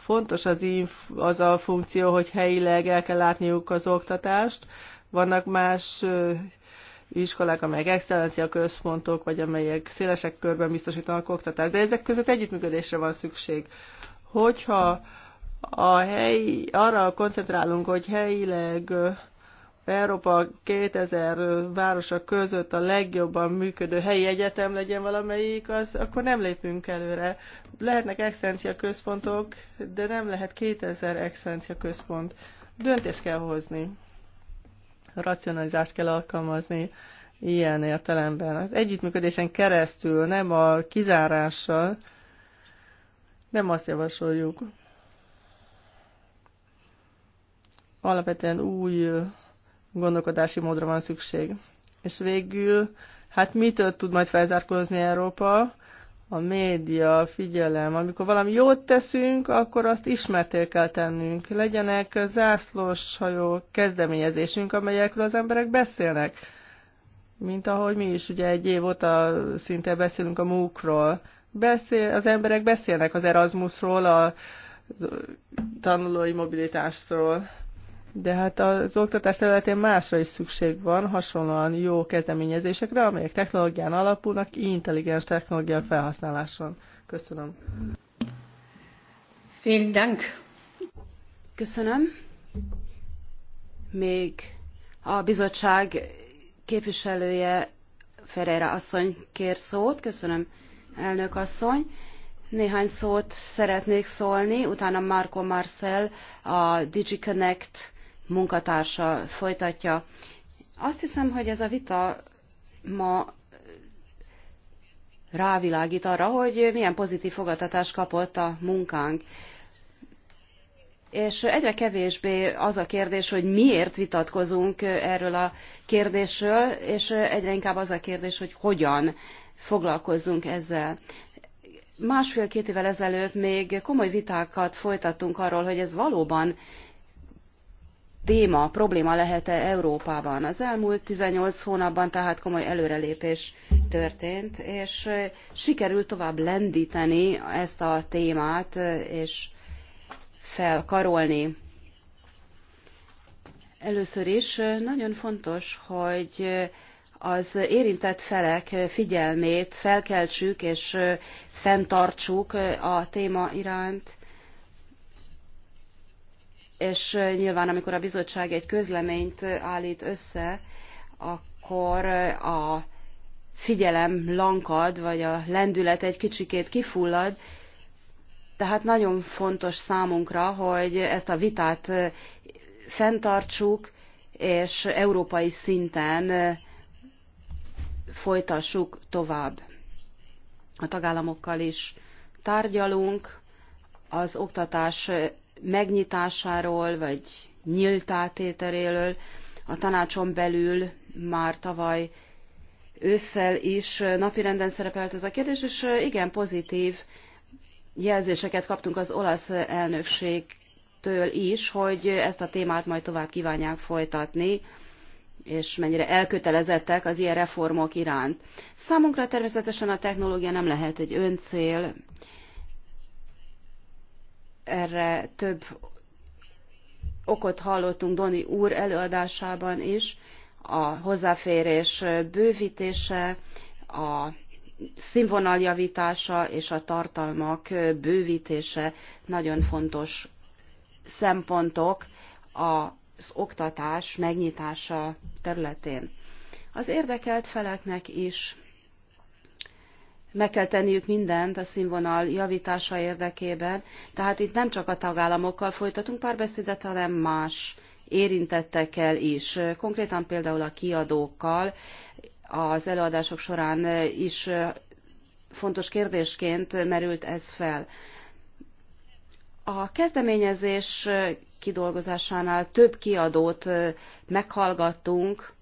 S2: fontos az, inf, az a funkció, hogy helyileg el kell látniuk az oktatást. Vannak más iskolák, amelyek excellencia központok, vagy amelyek szélesek körben biztosítanak oktatást, de ezek között együttműködésre van szükség. Hogyha a hely, arra koncentrálunk, hogy helyileg Európa 2000 városa között a legjobban működő helyi egyetem legyen valamelyik, az akkor nem lépünk előre. Lehetnek excellencia központok, de nem lehet 2000 excellencia központ. Döntést kell hozni. Racionalizást kell alkalmazni ilyen értelemben. Az együttműködésen keresztül, nem a kizárással, nem azt javasoljuk. Alapvetően új gondolkodási módra van szükség. És végül, hát mitől tud majd felzárkózni Európa? A média, a figyelem. Amikor valami jót teszünk, akkor azt ismertél kell tennünk. Legyenek zászlós hajó kezdeményezésünk, amelyekről az emberek beszélnek. Mint ahogy mi is ugye egy év óta szinte beszélünk a múkról. Beszél, az emberek beszélnek az Erasmusról, a tanulói mobilitásról de hát az oktatás területén másra is szükség van, hasonlóan jó kezdeményezésekre, amelyek technológián alapulnak, intelligens technológia felhasználáson. Köszönöm. Vielen Dank. Köszönöm.
S1: Még a bizottság képviselője Ferreira asszony kér szót. Köszönöm, elnök asszony. Néhány szót szeretnék szólni, utána Marco Marcel, a DigiConnect munkatársa folytatja. Azt hiszem, hogy ez a vita ma rávilágít arra, hogy milyen pozitív fogadtatást kapott a munkánk. És egyre kevésbé az a kérdés, hogy miért vitatkozunk erről a kérdésről, és egyre inkább az a kérdés, hogy hogyan foglalkozzunk ezzel. Másfél-két évvel ezelőtt még komoly vitákat folytattunk arról, hogy ez valóban téma, probléma lehet-e Európában. Az elmúlt 18 hónapban tehát komoly előrelépés történt, és sikerült tovább lendíteni ezt a témát, és felkarolni. Először is nagyon fontos, hogy az érintett felek figyelmét felkeltsük és fenntartsuk a téma iránt, és nyilván amikor a bizottság egy közleményt állít össze, akkor a figyelem lankad, vagy a lendület egy kicsikét kifullad, tehát nagyon fontos számunkra, hogy ezt a vitát fenntartsuk, és európai szinten folytassuk tovább. A tagállamokkal is tárgyalunk, az oktatás megnyitásáról, vagy nyílt átételéről. a tanácson belül már tavaly ősszel is napirenden szerepelt ez a kérdés, és igen pozitív jelzéseket kaptunk az olasz elnökségtől is, hogy ezt a témát majd tovább kívánják folytatni, és mennyire elkötelezettek az ilyen reformok iránt. Számunkra természetesen a technológia nem lehet egy öncél, erre több okot hallottunk Doni úr előadásában is, a hozzáférés bővítése, a színvonaljavítása és a tartalmak bővítése nagyon fontos szempontok az oktatás megnyitása területén. Az érdekelt feleknek is meg kell tenniük mindent a színvonal javítása érdekében, tehát itt nem csak a tagállamokkal folytatunk párbeszédet, hanem más érintettekkel is, konkrétan például a kiadókkal. Az előadások során is fontos kérdésként merült ez fel. A kezdeményezés kidolgozásánál több kiadót meghallgattunk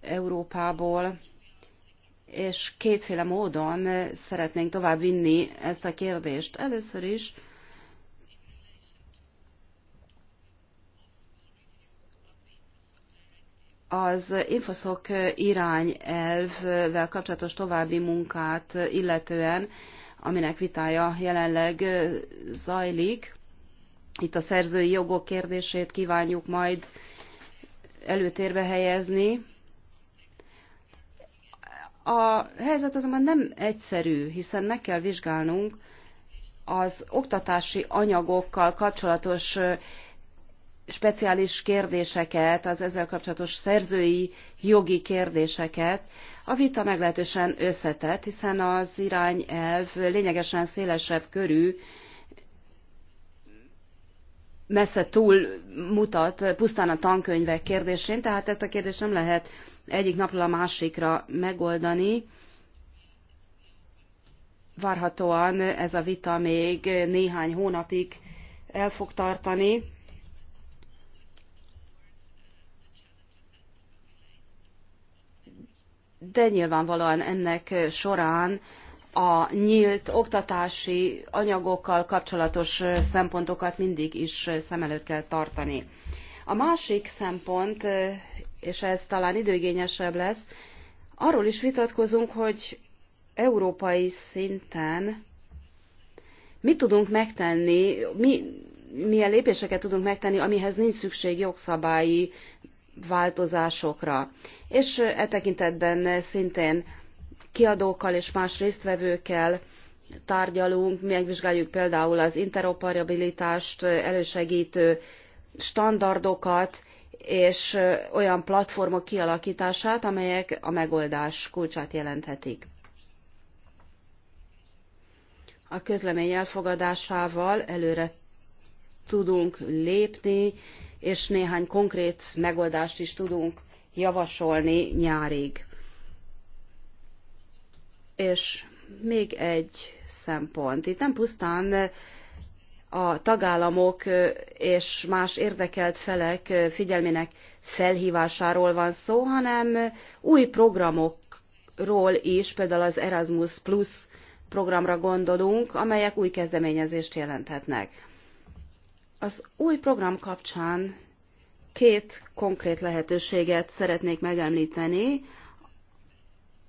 S1: Európából, és kétféle módon szeretnénk tovább vinni ezt a kérdést. Először is az infoszok irányelvvel kapcsolatos további munkát illetően, aminek vitája jelenleg zajlik. Itt a szerzői jogok kérdését kívánjuk majd előtérbe helyezni a helyzet azonban nem egyszerű, hiszen meg kell vizsgálnunk az oktatási anyagokkal kapcsolatos speciális kérdéseket, az ezzel kapcsolatos szerzői jogi kérdéseket. A vita meglehetősen összetett, hiszen az irányelv lényegesen szélesebb körű, messze túl mutat pusztán a tankönyvek kérdésén, tehát ezt a kérdést nem lehet egyik napról a másikra megoldani. Várhatóan ez a vita még néhány hónapig el fog tartani. De nyilvánvalóan ennek során a nyílt oktatási anyagokkal kapcsolatos szempontokat mindig is szem előtt kell tartani. A másik szempont és ez talán időigényesebb lesz, arról is vitatkozunk, hogy európai szinten mit tudunk megtenni, mi, milyen lépéseket tudunk megtenni, amihez nincs szükség jogszabályi változásokra. És e tekintetben szintén kiadókkal és más résztvevőkkel tárgyalunk, megvizsgáljuk például az interoperabilitást elősegítő standardokat, és olyan platformok kialakítását, amelyek a megoldás kulcsát jelenthetik. A közlemény elfogadásával előre tudunk lépni, és néhány konkrét megoldást is tudunk javasolni nyárig. És még egy szempont. Itt nem pusztán a tagállamok és más érdekelt felek figyelmének felhívásáról van szó, hanem új programokról is, például az Erasmus Plus programra gondolunk, amelyek új kezdeményezést jelenthetnek. Az új program kapcsán két konkrét lehetőséget szeretnék megemlíteni,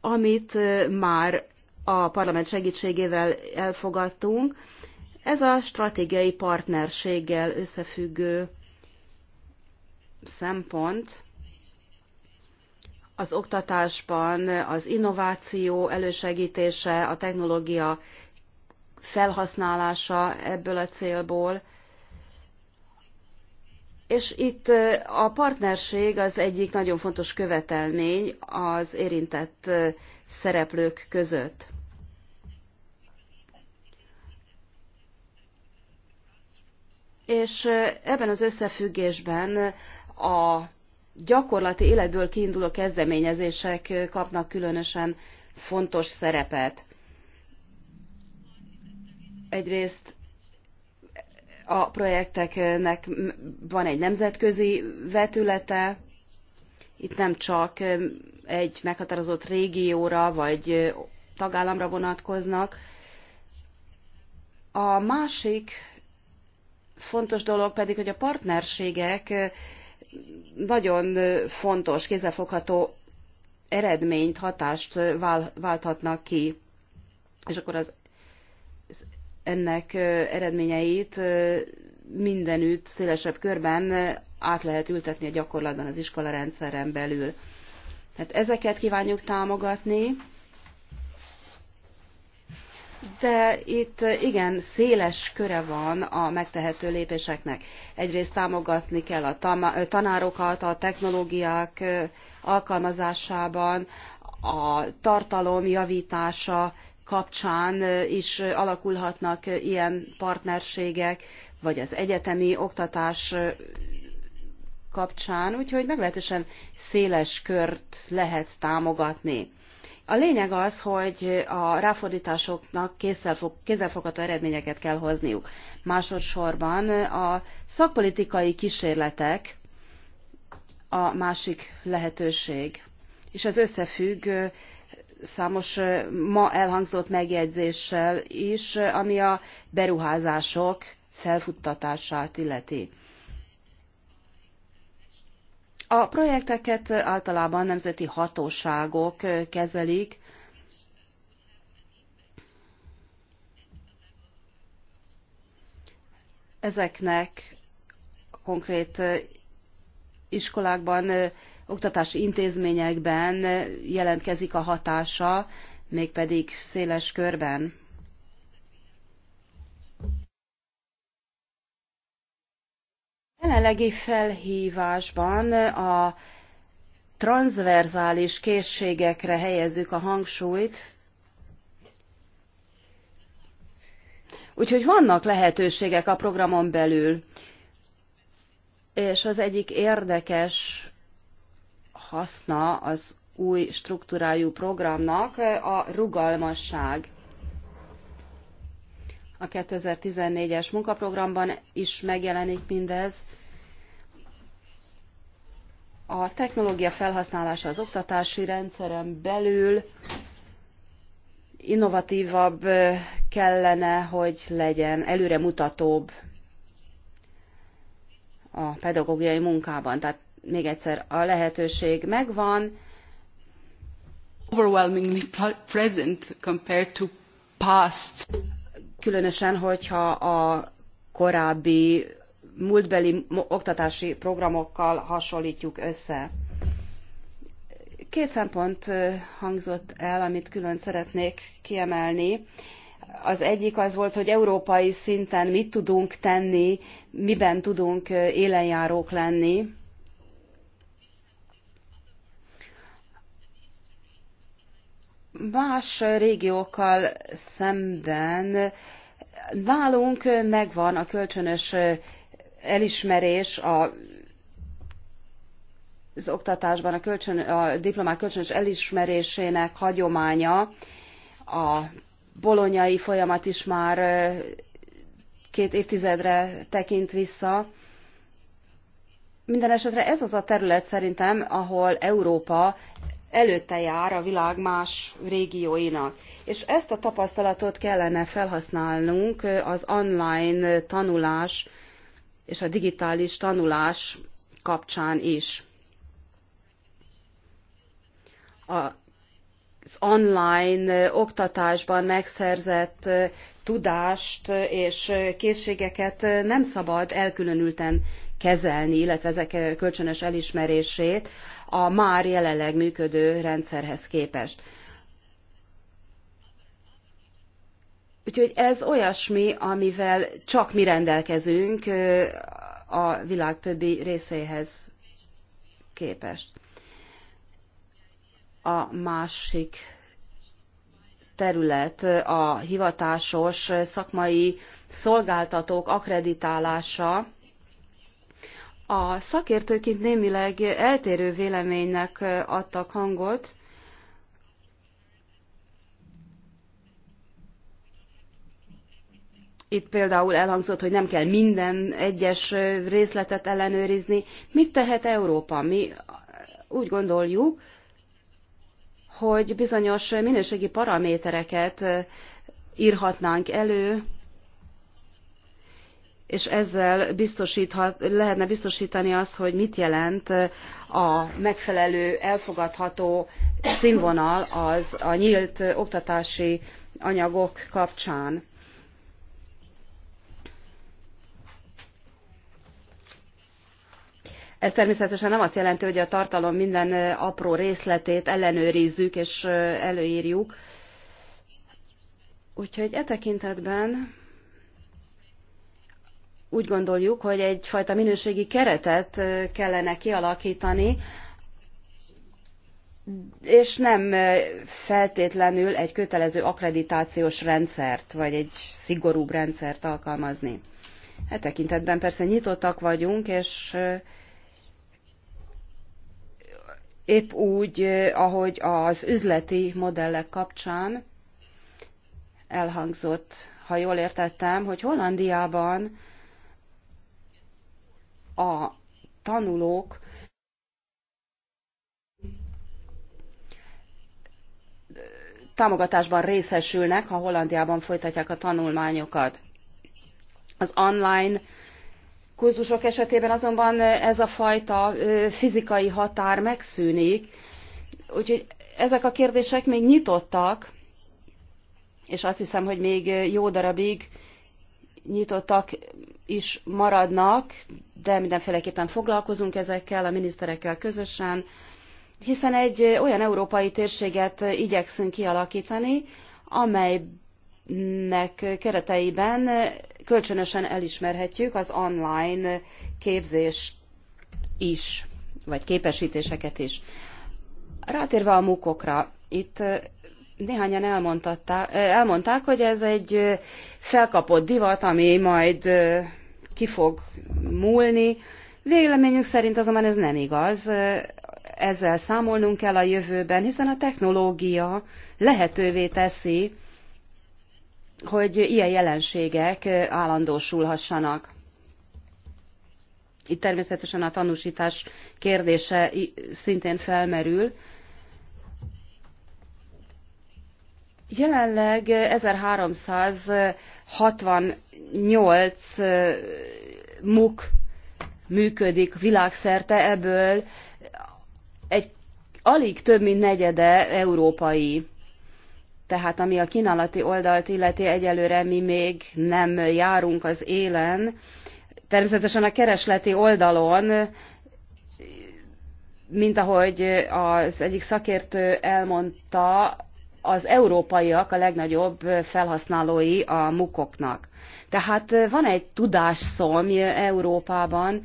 S1: amit már a parlament segítségével elfogadtunk, ez a stratégiai partnerséggel összefüggő szempont az oktatásban az innováció elősegítése, a technológia felhasználása ebből a célból. És itt a partnerség az egyik nagyon fontos követelmény az érintett szereplők között. És ebben az összefüggésben a gyakorlati életből kiinduló kezdeményezések kapnak különösen fontos szerepet. Egyrészt a projekteknek van egy nemzetközi vetülete, itt nem csak egy meghatározott régióra vagy tagállamra vonatkoznak. A másik fontos dolog pedig, hogy a partnerségek nagyon fontos, kézzelfogható eredményt, hatást válthatnak ki. És akkor az ennek eredményeit mindenütt, szélesebb körben át lehet ültetni a gyakorlatban az iskolarendszeren belül. Tehát ezeket kívánjuk támogatni, de itt eh, igen széles köre van a megtehető lépéseknek. Egyrészt támogatni kell a eh, tanárokat a technológiák eh, alkalmazásában, a tartalom javítása kapcsán is alakulhatnak ilyen partnerségek, vagy az egyetemi oktatás kapcsán, úgyhogy meglehetősen széles kört lehet támogatni. A lényeg az, hogy a ráfordításoknak kézzelfogható eredményeket kell hozniuk. Másodszorban a szakpolitikai kísérletek a másik lehetőség, és ez összefügg számos ma elhangzott megjegyzéssel is, ami a beruházások felfuttatását illeti. A projekteket általában nemzeti hatóságok kezelik, ezeknek konkrét iskolákban, oktatási intézményekben jelentkezik a hatása, mégpedig széles körben. jelenlegi felhívásban a transzverzális készségekre helyezzük a hangsúlyt, Úgyhogy vannak lehetőségek a programon belül. És az egyik érdekes haszna az új struktúrájú programnak a rugalmasság. A 2014-es munkaprogramban is megjelenik mindez. A technológia felhasználása az oktatási rendszeren belül innovatívabb kellene, hogy legyen, előremutatóbb a pedagógiai munkában. Tehát még egyszer, a lehetőség megvan. Overwhelmingly present compared to past különösen, hogyha a korábbi múltbeli oktatási programokkal hasonlítjuk össze. Két szempont hangzott el, amit külön szeretnék kiemelni. Az egyik az volt, hogy európai szinten mit tudunk tenni, miben tudunk élenjárók lenni Más régiókkal szemben nálunk megvan a kölcsönös elismerés a az oktatásban a, kölcsön, a diplomák kölcsönös elismerésének hagyománya, a bolonyai folyamat is már két évtizedre tekint vissza. Minden esetre ez az a terület szerintem, ahol Európa előtte jár a világ más régióinak. És ezt a tapasztalatot kellene felhasználnunk az online tanulás és a digitális tanulás kapcsán is. Az online oktatásban megszerzett tudást és készségeket nem szabad elkülönülten kezelni, illetve ezek kölcsönös elismerését a már jelenleg működő rendszerhez képest. Úgyhogy ez olyasmi, amivel csak mi rendelkezünk a világ többi részéhez képest. A másik terület a hivatásos szakmai szolgáltatók akreditálása, a szakértők itt némileg eltérő véleménynek adtak hangot, itt például elhangzott, hogy nem kell minden egyes részletet ellenőrizni. Mit tehet Európa? Mi úgy gondoljuk, hogy bizonyos minőségi paramétereket írhatnánk elő, és ezzel biztosíthat, lehetne biztosítani azt, hogy mit jelent a megfelelő, elfogadható színvonal az a nyílt oktatási anyagok kapcsán. Ez természetesen nem azt jelenti, hogy a tartalom minden apró részletét ellenőrizzük és előírjuk. Úgyhogy e tekintetben úgy gondoljuk, hogy egyfajta minőségi keretet kellene kialakítani, és nem feltétlenül egy kötelező akkreditációs rendszert, vagy egy szigorúbb rendszert alkalmazni. E tekintetben persze nyitottak vagyunk, és épp úgy, ahogy az üzleti modellek kapcsán elhangzott, ha jól értettem, hogy Hollandiában a tanulók támogatásban részesülnek, ha Hollandiában folytatják a tanulmányokat. Az online kurzusok esetében azonban ez a fajta fizikai határ megszűnik, úgyhogy ezek a kérdések még nyitottak, és azt hiszem, hogy még jó darabig nyitottak is maradnak, de mindenféleképpen foglalkozunk ezekkel a miniszterekkel közösen, hiszen egy olyan európai térséget igyekszünk kialakítani, amelynek kereteiben kölcsönösen elismerhetjük az online képzés is, vagy képesítéseket is. Rátérve a mukokra, itt Néhányan eh, elmondták, hogy ez egy eh, felkapott divat, ami majd eh, ki fog múlni. Véleményünk szerint azonban ez nem igaz. Ezzel számolnunk kell a jövőben, hiszen a technológia lehetővé teszi, hogy ilyen jelenségek állandósulhassanak. Itt természetesen a tanúsítás kérdése szintén felmerül, Jelenleg 1368 MUK működik világszerte, ebből egy alig több mint negyede európai. Tehát ami a kínálati oldalt illeti, egyelőre mi még nem járunk az élen. Természetesen a keresleti oldalon, mint ahogy az egyik szakértő elmondta, az európaiak a legnagyobb felhasználói a mukoknak. Tehát van egy tudásszomj Európában,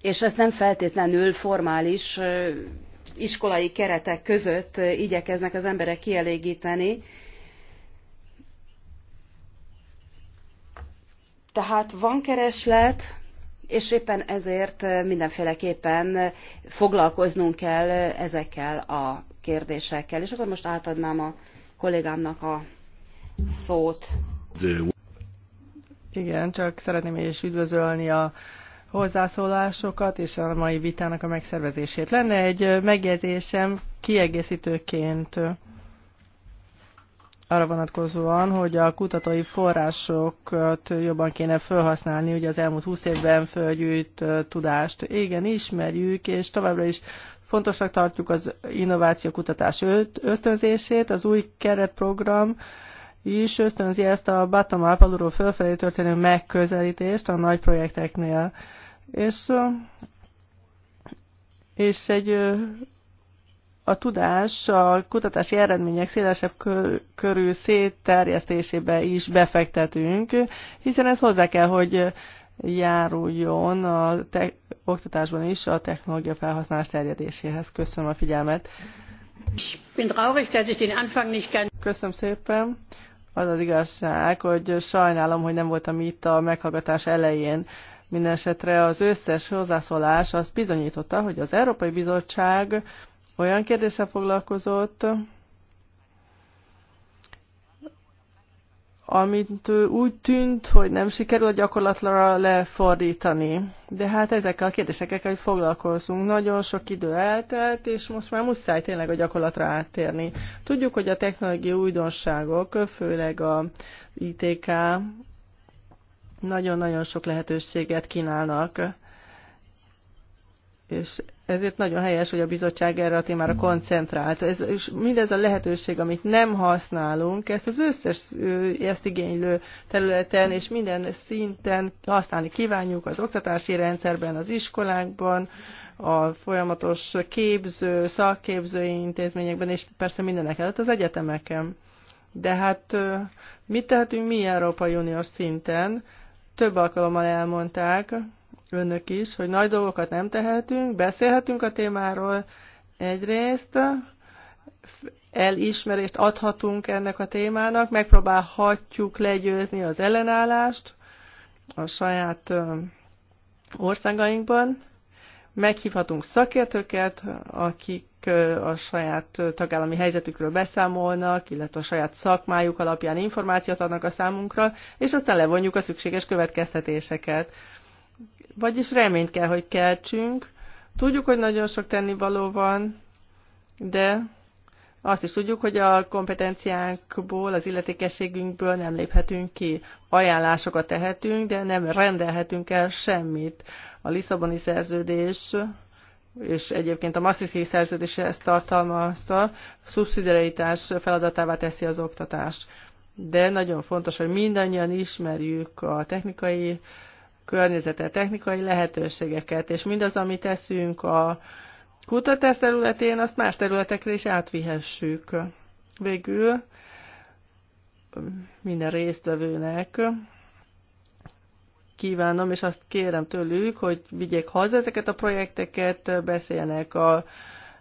S1: és ezt nem feltétlenül formális iskolai keretek között igyekeznek az emberek kielégíteni. Tehát van kereslet, és éppen ezért mindenféleképpen foglalkoznunk kell ezekkel a kérdésekkel. És akkor most
S2: átadnám a kollégámnak a szót. Igen, csak szeretném is üdvözölni a hozzászólásokat és a mai vitának a megszervezését. Lenne egy megjegyzésem kiegészítőként arra vonatkozóan, hogy a kutatói forrásokat jobban kéne felhasználni, ugye az elmúlt 20 évben fölgyűjt tudást. Igen, ismerjük, és továbbra is Fontosnak tartjuk az innováció kutatás ösztönzését, az új keretprogram is ösztönzi ezt a bottom-up alulról fölfelé történő megközelítést a nagy projekteknél. És, és egy a tudás a kutatási eredmények szélesebb kör, körül szétterjesztésébe is befektetünk, hiszen ez hozzá kell, hogy járuljon a te- oktatásban is a technológia felhasználás terjedéséhez. Köszönöm a figyelmet. Köszönöm szépen. Az az igazság, hogy sajnálom, hogy nem voltam itt a meghallgatás elején. Mindenesetre az összes hozzászólás azt bizonyította, hogy az Európai Bizottság olyan kérdéssel foglalkozott, amit úgy tűnt, hogy nem a gyakorlatilag lefordítani. De hát ezekkel a kérdésekkel kell, hogy foglalkozunk. Nagyon sok idő eltelt, és most már muszáj tényleg a gyakorlatra áttérni. Tudjuk, hogy a technológiai újdonságok, főleg a ITK, nagyon-nagyon sok lehetőséget kínálnak és ezért nagyon helyes, hogy a bizottság erre a témára hmm. koncentrált. Ez, és mindez a lehetőség, amit nem használunk, ezt az összes ezt igénylő területen és minden szinten használni kívánjuk az oktatási rendszerben, az iskolákban, a folyamatos képző, szakképző intézményekben, és persze mindenek előtt az egyetemeken. De hát mit tehetünk mi Európai Uniós szinten? Több alkalommal elmondták, önök is, hogy nagy dolgokat nem tehetünk, beszélhetünk a témáról egyrészt, elismerést adhatunk ennek a témának, megpróbálhatjuk legyőzni az ellenállást a saját országainkban, meghívhatunk szakértőket, akik a saját tagállami helyzetükről beszámolnak, illetve a saját szakmájuk alapján információt adnak a számunkra, és aztán levonjuk a szükséges következtetéseket. Vagyis reményt kell, hogy keltsünk. Tudjuk, hogy nagyon sok tennivaló van, de azt is tudjuk, hogy a kompetenciánkból, az illetékességünkből nem léphetünk ki. Ajánlásokat tehetünk, de nem rendelhetünk el semmit. A Lisszaboni szerződés és egyébként a Maastrichti szerződés ezt tartalmazta, szubszidiaritás feladatává teszi az oktatást. De nagyon fontos, hogy mindannyian ismerjük a technikai környezetet, technikai lehetőségeket, és mindaz, amit teszünk a kutatás területén, azt más területekre is átvihessük. Végül minden résztvevőnek kívánom, és azt kérem tőlük, hogy vigyék haza ezeket a projekteket, beszélnek a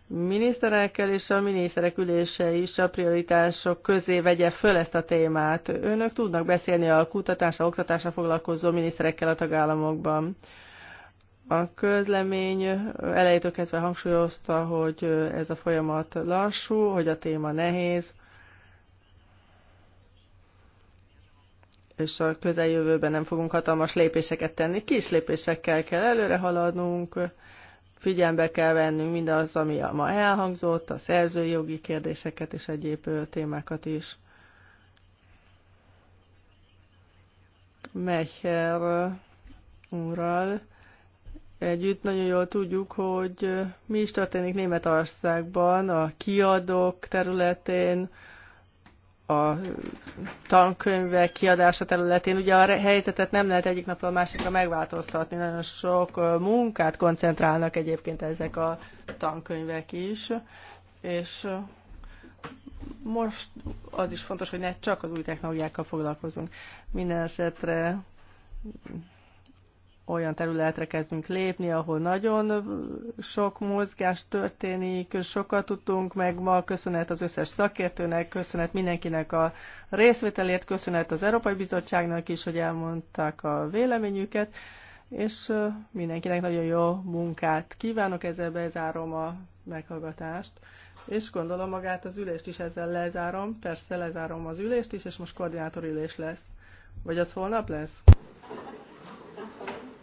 S2: miniszterekkel és a miniszterek ülése is a prioritások közé vegye föl ezt a témát. Önök tudnak beszélni a kutatásra, oktatásra foglalkozó miniszterekkel a tagállamokban. A közlemény elejétől kezdve hangsúlyozta, hogy ez a folyamat lassú, hogy a téma nehéz, és a közeljövőben nem fogunk hatalmas lépéseket tenni. Kis lépésekkel kell előre haladnunk, Figyelembe kell vennünk mindaz, ami ma elhangzott, a szerzői jogi kérdéseket és egyéb témákat is. Mecher úrral együtt nagyon jól tudjuk, hogy mi is történik Németországban a kiadók területén, a tankönyvek kiadása területén. Ugye a helyzetet nem lehet egyik napról a másikra megváltoztatni. Nagyon sok munkát koncentrálnak egyébként ezek a tankönyvek is, és most az is fontos, hogy ne csak az új technológiákkal foglalkozunk. Minden esetre olyan területre kezdünk lépni, ahol nagyon sok mozgás történik, sokat tudtunk meg ma, köszönet az összes szakértőnek, köszönet mindenkinek a részvételért, köszönet az Európai Bizottságnak is, hogy elmondták a véleményüket, és mindenkinek nagyon jó munkát kívánok, ezzel bezárom a meghallgatást, és gondolom magát az ülést is ezzel lezárom, persze lezárom az ülést is, és most koordinátor ülés lesz. Vagy az holnap lesz?